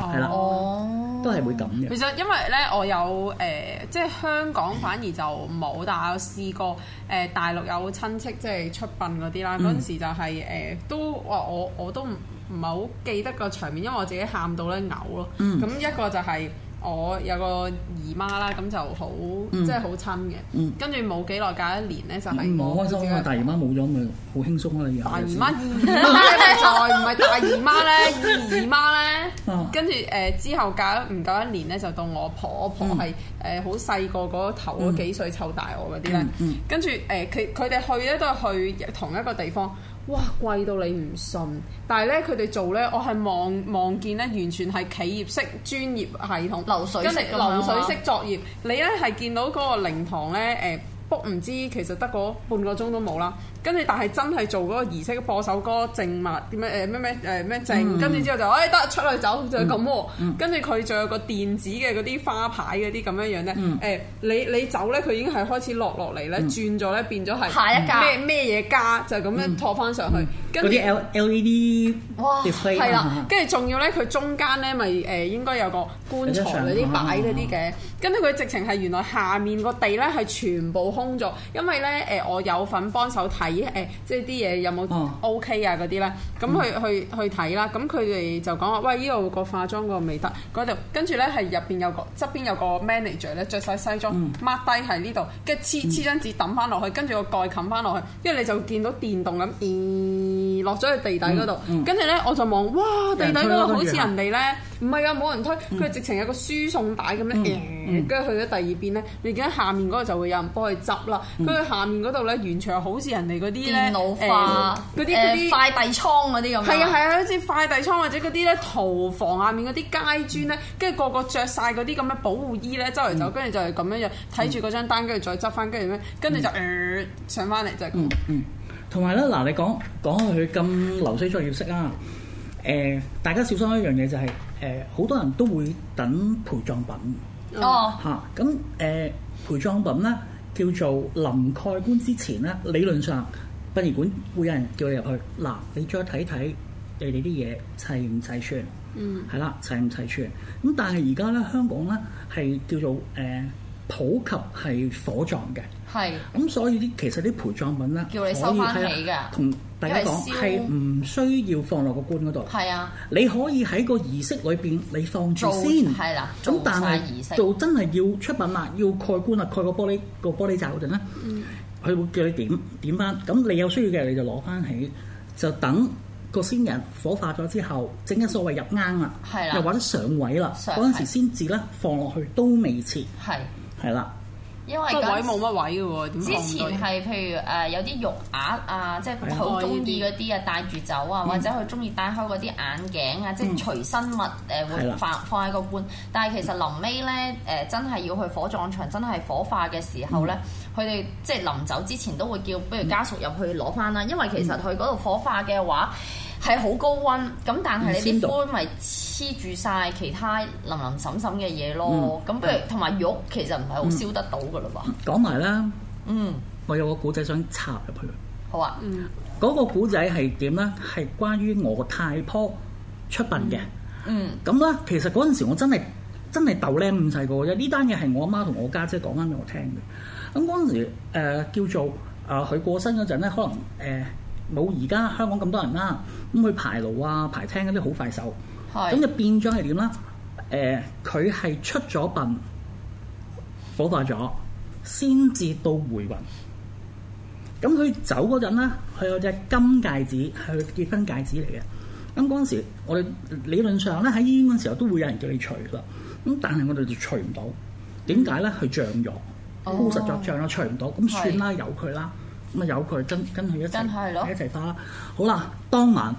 係啦、哦，都係會咁嘅。其實因為咧，我有誒、呃，即係香港反而就冇，但係我試過誒、呃、大陸有親戚即係出殯嗰啲啦，嗰陣、嗯、時就係、是、誒、呃、都話我我都唔唔係好記得個場面，因為我自己喊到咧嘔咯。咁、嗯、一個就係、是。我有個姨媽啦，咁就好，嗯，即係好親嘅。跟住冇幾耐，隔一年呢，就冇、係。我開心啲，我大姨媽冇咗咪好輕鬆咯，而家大姨媽二姨媽就係唔係大姨媽咧？二姨媽咧，跟住誒之後隔唔夠一年咧，就到我婆婆。婆係誒好細個嗰頭嗰幾歲湊大我嗰啲咧。跟住誒佢佢哋去咧都係去同一個地方。哇貴到你唔信，但係咧佢哋做咧，我係望望見咧，完全係企業式專業系統，流水式咁樣啦。流水式作業，你咧係見到嗰個靈堂咧，誒、呃。b 唔知其實得個半個鐘都冇啦，跟住但係真係做嗰個儀式嘅破手歌靜物點咩誒咩咩誒咩靜，跟住之後就哎得出嚟走就咁喎，跟住佢仲有個電子嘅嗰啲花牌嗰啲咁樣樣咧，誒、嗯哎、你你走咧佢已經係開始落落嚟咧，轉咗咧變咗係下一家咩咩嘢家，就咁、是、樣拖翻上去，跟啲、嗯、後 L L E D 哇係啦，跟住仲要咧佢中間咧咪誒應該有個棺材嗰啲擺嗰啲嘅，跟住佢直情係原來下面個地咧係全部。工作，因為咧誒，我有份幫手睇誒，即係啲嘢有冇 OK 啊嗰啲咧，咁、嗯、去、嗯、去去睇啦。咁佢哋就講話，「喂，依度個化妝個美得。」嗰度，跟住咧係入邊有個側邊有個 manager 咧，着晒西裝，抹低喺呢度，跟住黐黐張紙抌翻落去，跟住個蓋冚翻落去，跟住你就見到電動咁，咦、呃、落咗去地底嗰度，跟住咧我就望哇，地底嗰個好似人哋咧。唔係啊，冇人推，佢直情有個輸送帶咁咧，跟住去咗第二邊咧，你見下面嗰度就會有人幫佢執啦。佢下面嗰度咧，完全好似人哋嗰啲咧，誒嗰啲嗰啲快遞倉嗰啲咁。係啊係啊，好似快遞倉或者嗰啲咧，屠房下面嗰啲街磚咧，跟住個個着晒嗰啲咁嘅保護衣咧，周圍走，跟住就係咁樣樣睇住嗰張單，跟住再執翻，跟住咧？跟住就上翻嚟就係咁。嗯嗯，同埋咧，嗱你講講佢咁流水作業式啊。誒、呃，大家小心一樣嘢就係、是、誒，好、呃、多人都會等陪葬品哦嚇。咁誒、嗯啊呃，陪葬品咧叫做臨蓋棺之前咧，理論上殯儀館會有人叫你入去嗱，你再睇睇你哋啲嘢齊唔齊全，嗯，係啦，齊唔齊全咁。但係而家咧，香港咧係叫做誒、呃、普及係火葬嘅。係，咁所以啲其實啲陪葬品咧，叫你收翻同大家講係唔需要放落個棺嗰度。係啊，你可以喺個儀式裏邊你放住先，係啦。咁但係儀式就真係要出品嘛，要蓋棺啊，蓋個玻璃個玻璃罩嗰陣咧。佢會叫你點點翻，咁你有需要嘅你就攞翻起，就等個先人火化咗之後，整緊所謂入罌啦，又或者上位啦，嗰陣時先至咧放落去都未遲。係，係啦。因為嗰位冇乜位嘅喎，之前係譬如誒有啲玉鈪啊，即係佢好中意嗰啲啊，戴住走啊，或者佢中意戴開嗰啲眼鏡啊，嗯、即係隨身物誒會放對了 放喺個棺。但係其實臨尾咧誒，真係要去火葬場，真係火化嘅時候咧，佢哋、嗯、即係臨走之前都會叫，不如家屬入去攞翻啦。嗯、因為其實佢嗰度火化嘅話。係好高温，咁但係你啲灰咪黐住晒其他淋淋沈沈嘅嘢咯，咁不如同埋肉其實唔係好燒得到噶嘞喎。講埋啦，嗯，我有個古仔想插入去，好啊，嗯，嗰個古仔係點咧？係關於我太婆出殯嘅，嗯，咁咧其實嗰陣時我真係真係豆僆唔細個啫，呢單嘢係我阿媽同我家姐講翻俾我聽嘅，咁嗰陣時誒叫做誒佢過身嗰陣咧，可能誒。冇而家香港咁多人啦，咁佢排爐啊、排廳嗰啲好快手，咁是就變咗係點啦？誒、呃，佢係出咗殯，火化咗，先至到回魂。咁佢走嗰陣咧，佢有隻金戒指係佢結婚戒指嚟嘅。咁嗰陣時，我哋理論上咧喺醫院嗰陣時候都會有人叫你除㗎，咁但係我哋就除唔到。點解咧？佢脹咗，鋪、哦、實咗，脹咗，除唔到，咁、哦、算是啦，由佢啦。咁啊有佢跟跟佢一齊，一齊打。好啦，當晚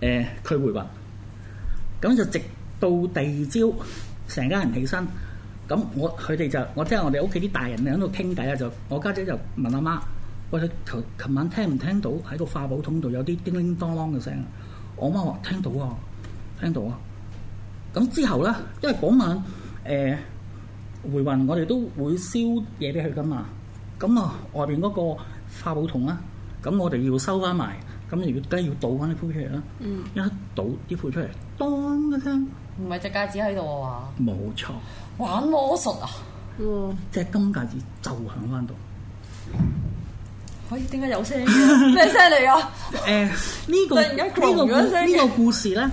誒佢、呃、回魂，咁就直到第二朝成家人起身，咁我佢哋就我即係我哋屋企啲大人喺度傾偈啊，就我家姐,姐就問阿媽：喂，琴晚聽唔聽到喺個化寶桶度有啲叮叮當啷嘅聲？我媽話聽到啊，聽到啊。咁之後咧，因為嗰晚誒、呃、回魂，我哋都會燒嘢俾佢噶嘛。咁啊，外邊嗰個化寶筒啊，咁我哋要收翻埋，咁你要梗係要倒翻啲灰出嚟啦。嗯，一倒啲灰出嚟，咚一聲，唔係隻戒指喺度啊嘛。冇錯噏，玩魔術啊，隻金戒指就喺翻度。可以點解有聲？咩 聲嚟啊？誒呢、呃呢個呢、 呢個呢、呢個故事咧，誒、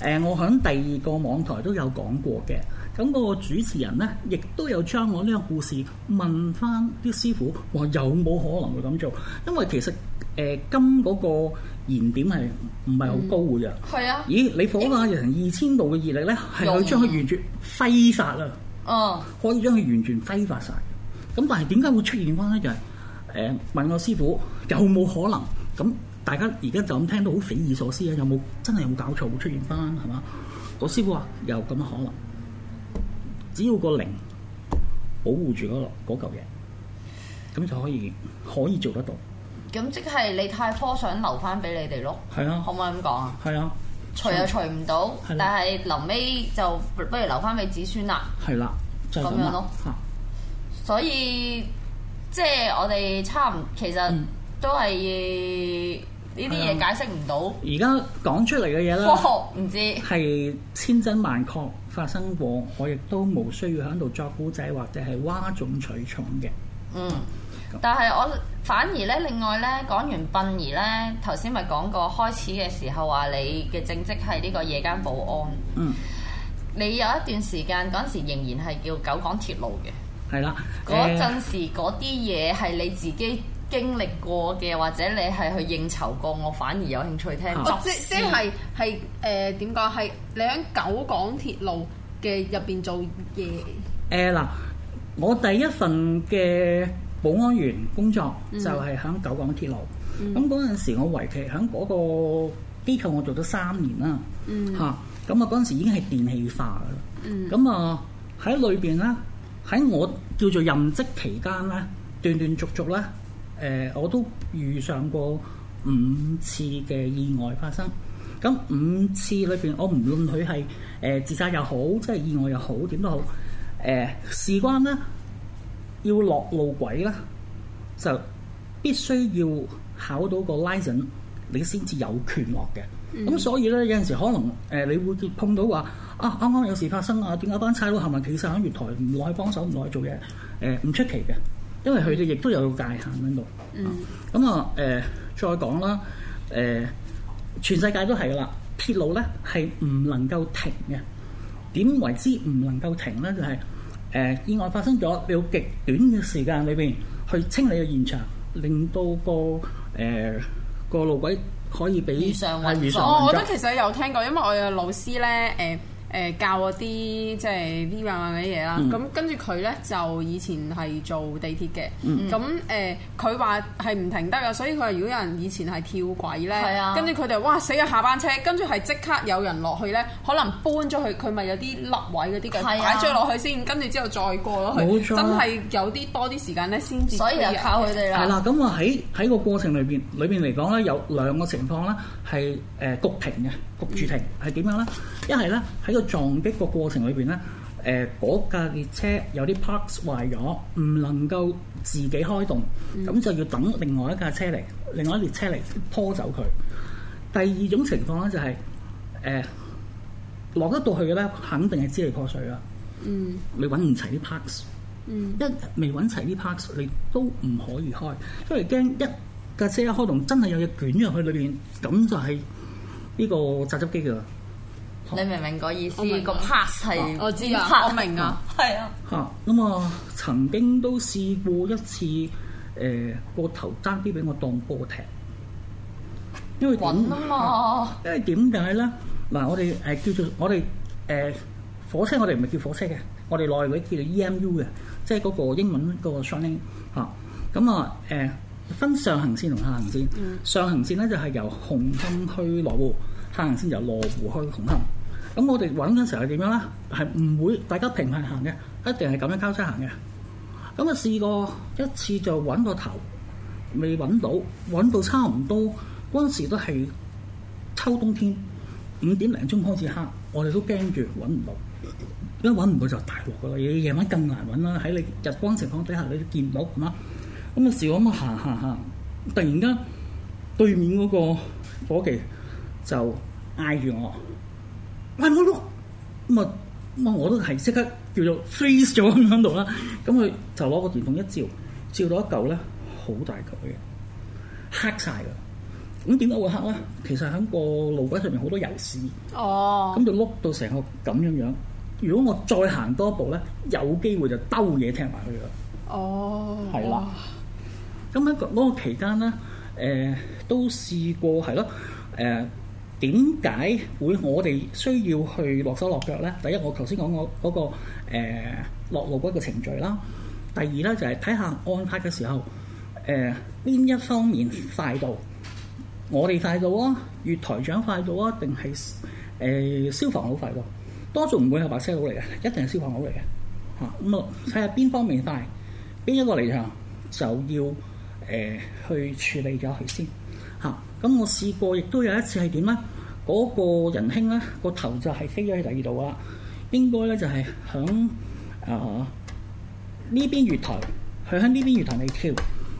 呃、我喺第二個網台都有講過嘅。咁個主持人咧，亦都有將我呢個故事問翻啲師傅話：有冇可能會咁做？因為其實誒、呃、金嗰個燃點係唔係好高嘅。係、嗯、啊！咦，你火化有成二千度嘅熱力咧，係了可以將佢完全揮發啊！哦，可以將佢完全揮發晒。咁但係點解會出現翻咧？就係、是、誒、呃、問我師傅有冇可能？咁大家而家就咁聽到好匪夷所思啊！有冇真係有冇搞錯會出現翻係嘛？我師傅話有咁嘅可能。只要個靈保護住嗰攞嚿嘢，咁就可以可以做得到。咁即係你太科想留翻俾你哋咯？係啊，可唔可以咁講啊？係啊，除又除唔到，但係臨尾就不如留翻俾子孫啦。係啦、啊，就係、是、咁樣咯。嗯、所以即係、就是、我哋差唔，其實都係呢啲嘢解釋唔到。而家講出嚟嘅嘢啦，科學唔知係千真萬確。發生過，我亦都無需要喺度作古仔或者係嘩眾取寵嘅。嗯，但係我反而咧，另外咧，講完殯儀咧，頭先咪講過，開始嘅時候話你嘅正職係呢個夜間保安。嗯，你有一段時間嗰陣時仍然係叫九廣鐵路嘅。係啦的，嗰陣時嗰啲嘢係你自己。經歷過嘅，或者你係去應酬過，我反而有興趣聽。我即即係係誒點講係你喺九廣鐵路嘅入邊做嘢。誒嗱，我第一份嘅保安員工作就係喺九廣鐵路。咁嗰陣時，我為期喺嗰個機構，我做咗三年啦。嚇咁啊！嗰陣時已經係電氣化啦。咁啊喺裏邊咧，喺我叫做任職期間咧，斷斷續續咧。誒、呃，我都遇上過五次嘅意外發生。咁、嗯、五次裏邊，我唔論佢係誒自殺又好，即係意外又好，點都好。誒、呃，事關咧要落路軌咧，就必須要考到個 license，你先至有權落嘅。咁、嗯嗯、所以咧，有陣時可能誒、呃，你會碰到話啊，啱啱有事發生啊，點解班差佬冚埋企晒喺月台，唔落去幫手，唔落去做嘢？誒、呃，唔出奇嘅。因為佢哋亦都有個界限喺度。嗯。咁啊，誒、呃，再講啦，誒、呃，全世界都係㗎啦，鐵路咧係唔能夠停嘅。點為之唔能夠停咧？就係、是、誒，意、呃、外發生咗，要極短嘅時間裏邊去清理個現場，令到、那個誒、呃那個路軌可以俾，如常運作。啊哦，我覺得其實有聽過，因為我有老師咧，誒、呃。誒、呃、教嗰啲即係、嗯、呢樣嘅嘢啦，咁跟住佢咧就以前係做地鐵嘅，咁誒佢話係唔停得嘅，所以佢話如果有人以前係跳軌咧，啊、跟住佢哋話哇死咗下班車，跟住係即刻有人落去咧，可能搬咗去佢咪有啲凹位嗰啲嘅擺咗落去先，跟住之後再過咯，佢錯真係有啲多啲時間咧先至，所以就靠佢哋人啦。係啦，咁啊喺喺個過程裏邊裏邊嚟講咧，有兩個情況啦，係誒焗停嘅焗住停係點樣咧？一係咧喺個撞擊個過程裏邊咧，誒、呃、嗰架列車有啲 parks 壞咗，唔能夠自己開動，咁、嗯、就要等另外一架車嚟，另外一列車嚟拖走佢。第二種情況咧就係誒落得到去嘅咧，肯定係支離破碎啦。嗯，你揾唔齊啲 parks、嗯、 一未揾齊啲 parks 你都唔可以開，因為驚一架車一開動真係有嘢捲入去裏邊，咁就係呢個榨汁機㗎。你明唔明個意思？個 pass 係我知啊，明、嗯、啊，係啊、嗯。嚇咁啊，曾經都試過一次誒個、呃、頭爭啲俾我當波踢，因為滾吖嘛？因為點解咧？嗱，我哋誒、呃、叫做我哋誒、呃、火車，我哋唔係叫火車嘅，我哋內裏叫做 E M U 嘅，即係嗰個英文嗰、嗰個 shunting 嚇、啊。咁啊誒、呃、分上行線同下行線。嗯、上行線咧就係由紅磡去羅湖，下行線由羅湖去紅磡。咁我哋揾嗰陣時候係點樣咧？係唔會大家平衡行行嘅，一定係咁樣交叉行嘅。咁啊試過一次就揾個頭，未揾到，揾到差唔多嗰陣時都係秋冬天，五點零鐘開始黑，我哋都驚住揾唔到，因為揾唔到就大鑊㗎喇。夜晚更難揾啦，喺你日光情況底下你都見唔到咁啦。咁啊試咁啊，行行行，突然間對面嗰個夥計就嗌住我。喂， 我都咁啊，我我都係即刻叫做 freeze 咗咁樣度啦。咁佢就攞個電筒一照，照到一嚿咧，好大嚿嘅，黑晒噶。咁點解會黑咧？其實喺個路軌上面好多油絲。哦。咁就碌到成個咁樣樣。如果我再行多一步咧，有機會就兜嘢踢埋去咯。哦。係啦。咁喺嗰個期間咧，誒、呃、都試過係咯，誒、呃。呃點解會我哋需要去落手落腳咧？第一，我頭先講嗰嗰個誒落、呃、路嗰程序啦。第二咧就係睇下案發嘅時候誒邊、呃、一方面快到，我哋快到啊，月台長快到啊，定係誒消防好快喎？多數唔會係白車佬嚟嘅，一定係消防佬嚟嘅嚇。咁啊睇下邊方面快，邊一個嚟場就要誒、呃、去處理咗佢先。咁我試過，亦都有一次係點咧？嗰、那個仁兄咧個頭就係飛咗去第二度啦。應該咧就係響啊呢邊月台，佢喺呢邊月台尾跳，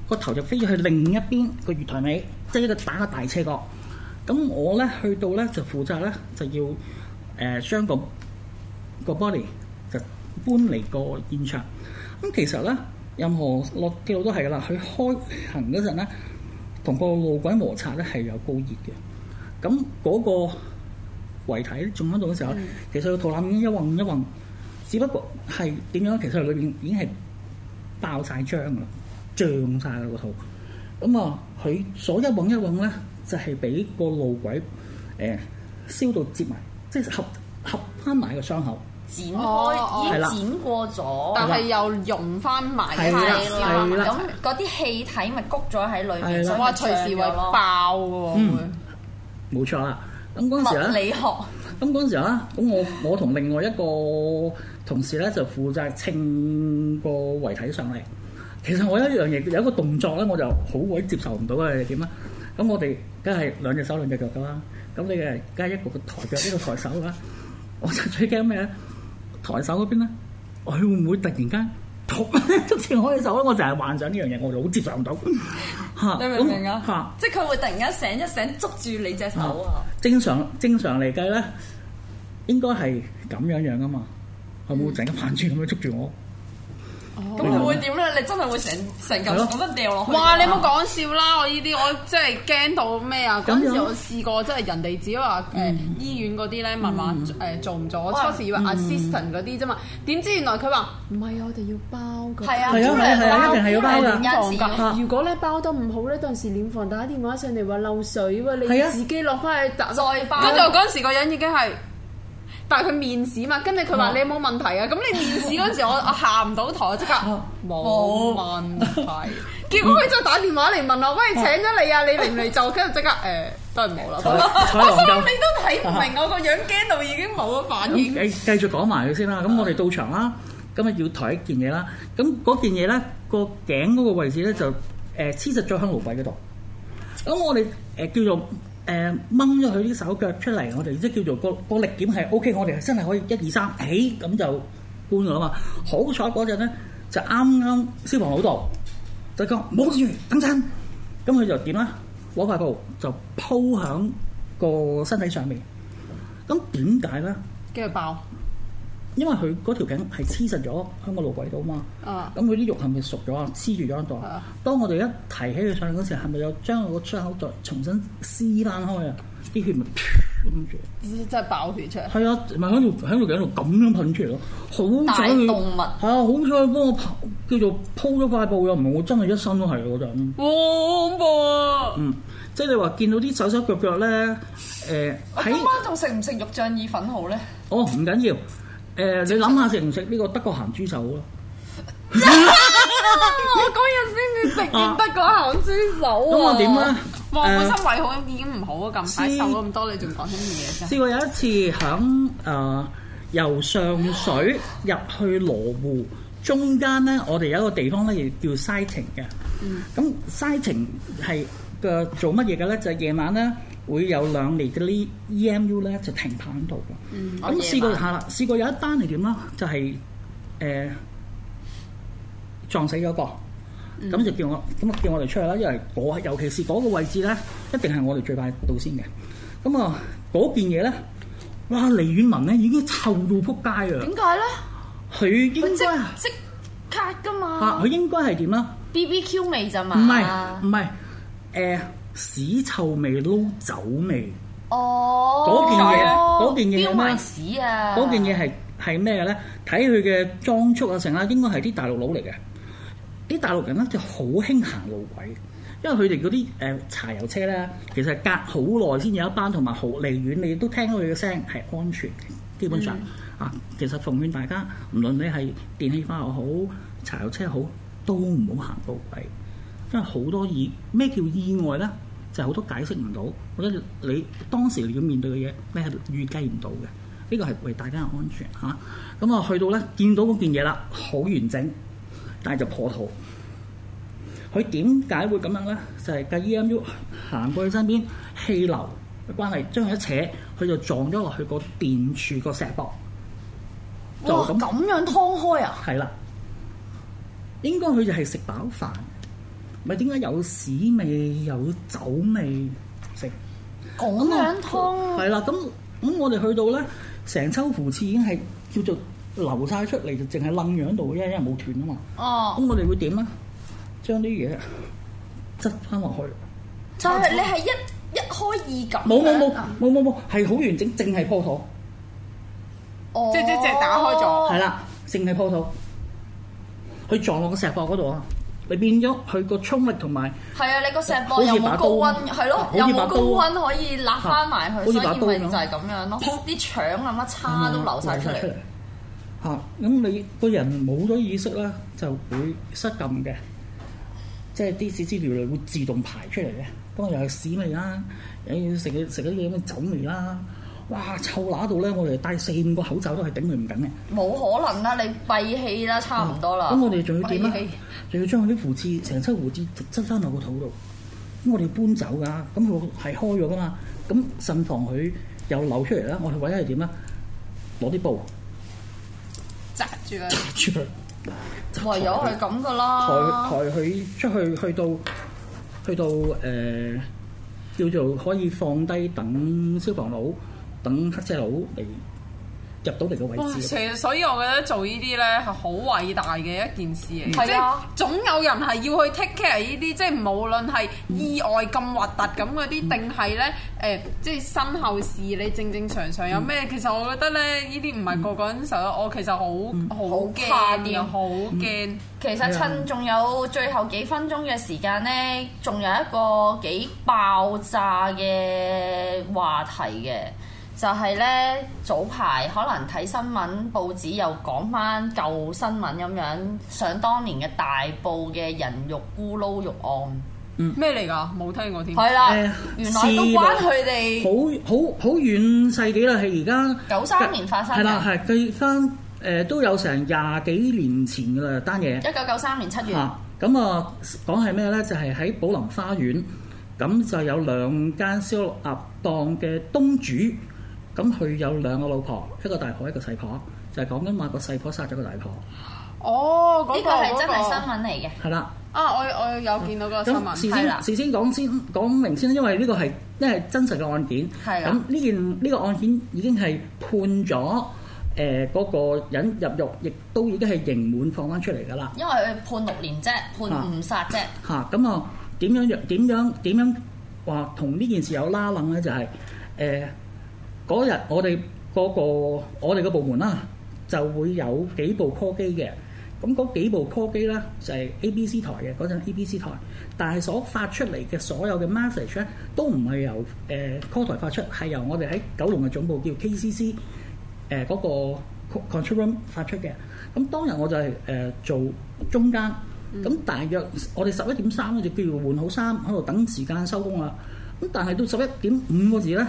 個頭就飛咗去另一邊個月台尾，即係一個打個大斜角。咁我咧去到咧就負責咧就要誒將、呃、個 body 就搬嚟個現場。咁、嗯、其實咧任何落記錄都係噶啦，佢開行嗰陣咧。同個路軌摩擦咧係有高熱嘅，咁嗰個遺體仲喺度嘅時候，嗯、其實個肚腩已經一揾一揾，只不過係點樣？其實裏邊已經係爆晒漿噶啦，脹晒啦個肚。咁啊，佢所一揾一揾咧，就係、是、俾個路軌誒、欸、燒到接埋，即係合合返埋個傷口。剪開已經剪過咗，但係又融翻埋，係啦。咁嗰啲氣體咪谷咗喺裏面，話隨時會爆喎。嗯，冇錯啦。咁嗰陣時咧，物理學。咁嗰陣時咧，咁我我同另外一個同事咧就負責稱個遺體上嚟。其實我有一樣嘢，有一個動作咧，我就好鬼接受唔到嘅係點啊？咁我哋梗係兩隻手兩隻腳噶啦。咁你梗係一個抬腳，一個抬手啊！我就最驚咩咧？抬手嗰邊咧，佢會唔會突然間 捉住我隻手咧？我成日幻想呢樣嘢，我就好接受唔到。吓、 啊，你明唔明啊？吓、啊，即係佢會突然間醒一醒，捉住你隻手啊,啊！正常正常嚟計咧，應該係咁樣樣噶嘛，係咪會成個反轉咁樣捉住我？咁、哦、會會點咧？你真係會成成嚿咁樣掉落去？哇！你唔好講笑啦！我依啲我真係驚到咩啊？嗰陣這樣 時我試過即係、嗯、人哋只係話誒醫院嗰啲咧問話誒、呃、做唔做？我初時以為 assistant 嗰啲啫、嗯、嘛，點知原來佢話唔係啊，我哋要包㗎。係啊，一定係要包㗎。啊、如果咧包得唔好咧，當時殮房打電話上嚟話漏水喎，你自己落翻去再包。嗰陣嗰陣時個人已經係。但係佢面試嘛，跟住佢話你有冇問題啊？咁、啊、你面試嗰陣時 我，我我下唔到台，即刻冇問題。結果佢真係打電話嚟問我，喂，請咗你啊？你嚟唔嚟做？」跟住即刻誒都係冇啦。我心諗你都睇唔明我個樣驚到已經冇咗反應。誒、啊，你繼續講埋佢先啦。咁我哋到場啦，今日要抬一件嘢啦。咁嗰件嘢咧，個頸嗰個位置咧就誒黐實咗香爐底嗰度。咁我哋誒、呃、叫做。誒掹咗佢啲手腳出嚟，我哋即叫做個個力點係 O K，我哋真係可以一二三起，咁就搬咗啦嘛。好彩嗰陣咧就啱啱消防老道就講冇住，等陣。咁佢就點啦？攞塊布就鋪響個身體上面。咁點解咧？跟住爆。因為佢嗰條頸係黐實咗香港路軌道嘛、啊嗯，咁佢啲肉係咪熟咗啊？黐住咗一度。當我哋一提起佢上嚟嗰時候，係咪又將個出口再重新撕翻開啊？啲血咪咁樣，真係爆血出嚟。係啊，咪喺度喺度頸度咁樣噴出嚟咯，好準。大動物係啊，好彩幫我叫做鋪咗塊布又唔係我真係一身都係嗰陣。恐怖啊！嗯，即係你話見到啲手手腳腳咧，誒、呃、喺。今晚仲食唔食肉醬意粉好咧？哦，唔緊要。誒、呃，你諗下食唔食呢個德國鹹豬手咯、啊 啊？我嗰日先至食完德國鹹豬手，咁我點咧？我、啊啊呃、本身胃好已經唔好啊，近排食咁多，你仲講啲乜嘢啫？試過有一次響誒由上水入去羅湖，中間咧，我哋有一個地方咧叫西亭嘅。嗯，咁西亭係。嘅做乜嘢嘅咧？就夜、是、晚咧會有兩嚟嘅 EM 呢 EMU 咧就停泊喺度嘅。嗯，咁那上試過嚇，試過有一單係點啦？就係、是、誒、欸、撞死咗個，咁、嗯、就叫我咁叫我哋出嚟啦。因為我尤其是嗰個位置咧，一定係我哋最快到先嘅。咁啊嗰件嘢咧，哇離遠聞咧已經臭到撲街啊！點解咧？佢應該即卡噶嘛？啊，佢應該係點啦？BBQ 味咋嘛？唔係唔係。誒屎臭味、撈酒味，嗰、oh, 件嘢，嗰、oh, 件嘢咩？嗰、oh, 件嘢係係咩咧？睇佢嘅裝束啊，成啦，應該係啲大陸佬嚟嘅。啲大陸人咧就好興行路軌，因為佢哋嗰啲誒柴油車咧，其實隔好耐先有一班，同埋好離遠，你都聽到佢嘅聲係安全嘅。基本上、mm. 啊，其實奉勸大家，唔論你係電氣化又好，柴油車好，都唔好行路軌。因為好多意，咩叫意外咧？就係、是、好多解釋唔到，我覺得你當時你要面對嘅嘢咩係預計唔到嘅？呢個係為大家嘅安全吓。咁啊、嗯、去到咧，見到嗰件嘢啦，好完整，但係就破肚。佢點解會咁樣咧？就係、是、架 EMU 行過去身邊，氣流嘅關係將佢一扯，佢就撞咗落去個電柱個石膊，就咁咁樣，樣劏開啊！係啦，應該佢就係食飽飯。咪點解有屎味、有酒味食，咁樣湯係啦。咁咁我哋去到咧，成秋扶池已經係叫做流晒出嚟，就淨係冧樣度，因為因為冇斷啊嘛。哦，咁我哋會點咧？將啲嘢側翻落去，就係你係一一開二咁。冇冇冇冇冇冇，係好完整，淨係破土。哦，即即即係打開咗，係啦，淨係破土，佢撞落個石殼嗰度啊！你變咗佢個衝力同埋，係啊！你個石破又冇高溫，係咯，又冇高溫可以攔翻埋佢，所以咪就係咁樣咯。啲腸啊乜叉都流晒出嚟。嚇！咁你個人冇咗意識啦，就會失禁嘅，即係啲屎之類會自動排出嚟嘅。當然係屎味啦，又要食嘢食啲嘢咩酒味啦。哇！臭乸到咧，我哋戴四五個口罩都係頂佢唔緊嘅。冇可能啦、啊！你閉氣啦，差唔多啦。咁、啊、我哋仲要點咧？仲氣要將嗰啲胡刺成抽胡刺執翻落個肚度。咁我哋搬走噶。咁佢係開咗噶嘛？咁慎防佢又流出嚟啦。我哋唯一係點咧？攞啲布紮住佢。唯有係咁噶啦。抬抬佢出去，去到去到誒、呃、叫做可以放低等消防佬。等黑車佬嚟入到嚟個位置、哦。其實，所以我覺得做呢啲咧係好偉大嘅一件事嚟。係啊，總有人係要去 take care 呢啲，即係無論係意外咁核突咁嗰啲，定係咧誒，即係身後事。你正正常常有咩？嗯、其實我覺得咧，呢啲唔係個個人想。我、嗯、其實好好、嗯、怕嘅，好驚。其實趁仲有最後幾分鐘嘅時間咧，仲有一個幾爆炸嘅話題嘅。就係咧，早排可能睇新聞報紙又講翻舊新聞咁樣，想當年嘅大埔嘅人肉咕嚕肉案，嗯，咩嚟㗎？冇聽過添。係啦，誒，原來都關佢哋。好，好好遠世紀啦，係而家。九三年發生嘅。係啦，係計翻誒，都有成廿幾年前㗎啦，單嘢。一九九三年七月。嚇，咁啊講係咩咧？就係喺寶林花園，咁就有兩間燒鴨檔嘅東主，咁佢有兩個老婆，一個大婆，一個細婆，就係講緊話個細婆殺咗個大婆。哦，呢個係真係新聞嚟嘅。係啦。啊，我我有見到嗰個新聞。事先事先講先講明先，因為呢個係因為真實嘅案件。係咁，呢件呢個案件已經係判咗，誒嗰個人入獄，亦都已經係刑滿放翻出嚟㗎啦。因為佢判六年啫，判誤殺啫。嚇！咁啊，點樣樣？點樣點樣話同呢件事有拉冷咧？就係誒。嗰日我哋嗰個我哋個部門啦，就會有幾部 call 機嘅。咁嗰幾部 call 機咧就係 ABC 台嘅，嗰陣 ABC 台，但係所發出嚟嘅所有嘅 message 咧都唔係由誒 call 台發出，係由我哋喺九龍嘅總部叫 KCC 誒嗰個 control room 發出嘅。咁當日我就係誒做中間，咁大約我哋十一點三就叫換好衫喺度等時間收工啦。咁但係到十一點五個字咧。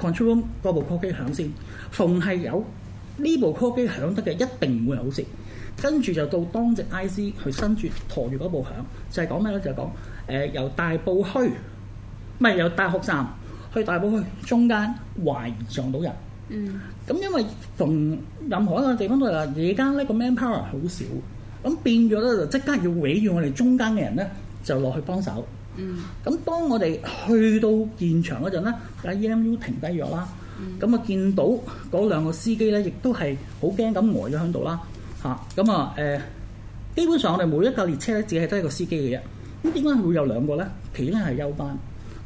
control 嗰部 call 機響先，逢係有呢部 call 機響得嘅，一定唔會好事。跟住就到當值 IC 去伸住陀住嗰部響，就係講咩咧？就係講誒由大埔墟，唔係由大學站去大埔墟中間，懷疑撞到人。嗯，咁因為逢任何一個地方都係話，夜間咧個 man power 好少，咁變咗咧就即刻要攰住我哋中間嘅人咧，就落去幫手。嗯，咁當我哋去到現場嗰陣咧，喺 EMU、嗯、停低咗啦。咁啊、嗯，見到嗰兩個司機咧，亦都係好驚咁呆咗喺度啦。嚇咁啊，誒、嗯、基本上我哋每一架列車咧，只係得一個司機嘅啫。咁點解會有兩個咧？其中一係休班。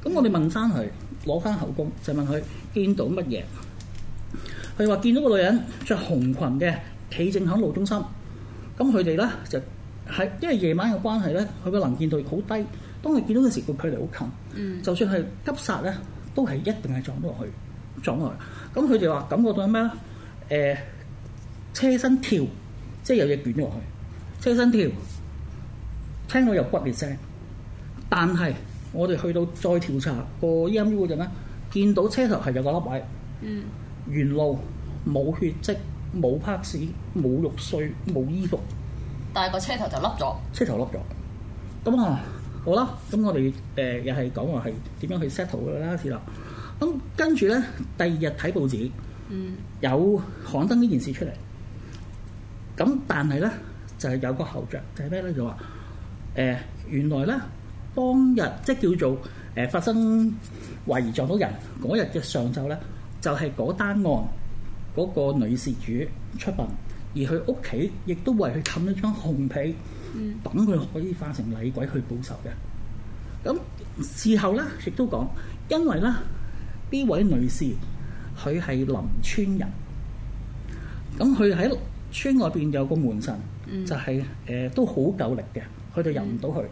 咁我哋問翻佢，攞翻口供就問佢見到乜嘢？佢話見到個女人着紅裙嘅，企正喺路中心。咁佢哋咧就係因為夜晚嘅關係咧，佢個能見度好低。當佢見到嘅時個距離好近，嗯、就算係急剎咧，都係一定係撞到落去，撞落去。咁佢哋話感覺到咩咧？誒、呃，車身跳，即係有嘢捲咗落去，車身跳，聽到有骨裂聲。但係我哋去到再調查個 EMU 嗰陣咧，見到車頭係有個凹位，沿、嗯、路冇血跡、冇拍屎、冇肉碎、冇衣服，但係個車頭就凹咗。車頭凹咗，咁啊～好啦，咁、哦、我哋誒、呃、又係講話係點樣去 set 好噶啦，志樂。咁跟住咧，第二日睇報紙，嗯、有刊登呢件事出嚟。咁但係咧，就係有個後着，就係咩咧？就話、是、誒、呃，原來咧當日即係叫做誒、呃、發生懷疑撞到人嗰日嘅上晝咧，就係嗰單案嗰、那個女事主出殯，而佢屋企亦都為佢冚咗張紅被。等佢可以化成厲鬼去報仇嘅。咁事後咧，亦都講，因為咧呢、B、位女士佢係林村人，咁佢喺村外邊有個門神，嗯、就係、是、誒、呃、都好夠力嘅，佢就入唔到去。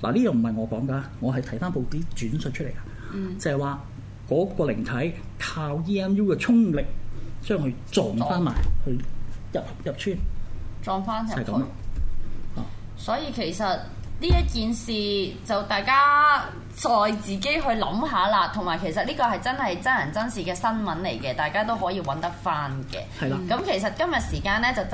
嗱呢樣唔係我講噶，我係睇翻報紙轉述出嚟噶，嗯、就係話嗰個靈體靠 E M U 嘅衝力將佢撞翻埋去，嗯、去入入，入村，撞翻入去。就所以其實呢一件事就大家再自己去諗下啦，同埋其實呢個係真係真人真事嘅新聞嚟嘅，大家都可以揾得翻嘅。係啦的。咁其實今日時間咧就就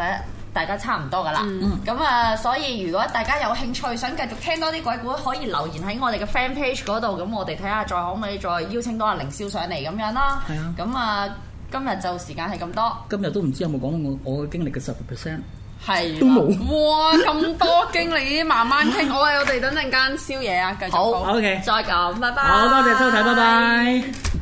大家差唔多噶啦。咁、嗯、啊，所以如果大家有興趣想繼續聽多啲鬼故，可以留言喺我哋嘅 fan page 度。咁我哋睇下再可唔可以再邀請多阿寧少上嚟咁樣啦。係啊的。咁啊，今日就時間係咁多。今日都唔知有冇講我我經歷嘅十 percent。係是都冇沒哇！咁多經理，慢慢傾好啊！我哋等陣間宵夜啊，繼續好 OK，再見，拜拜。好多謝收睇，拜拜。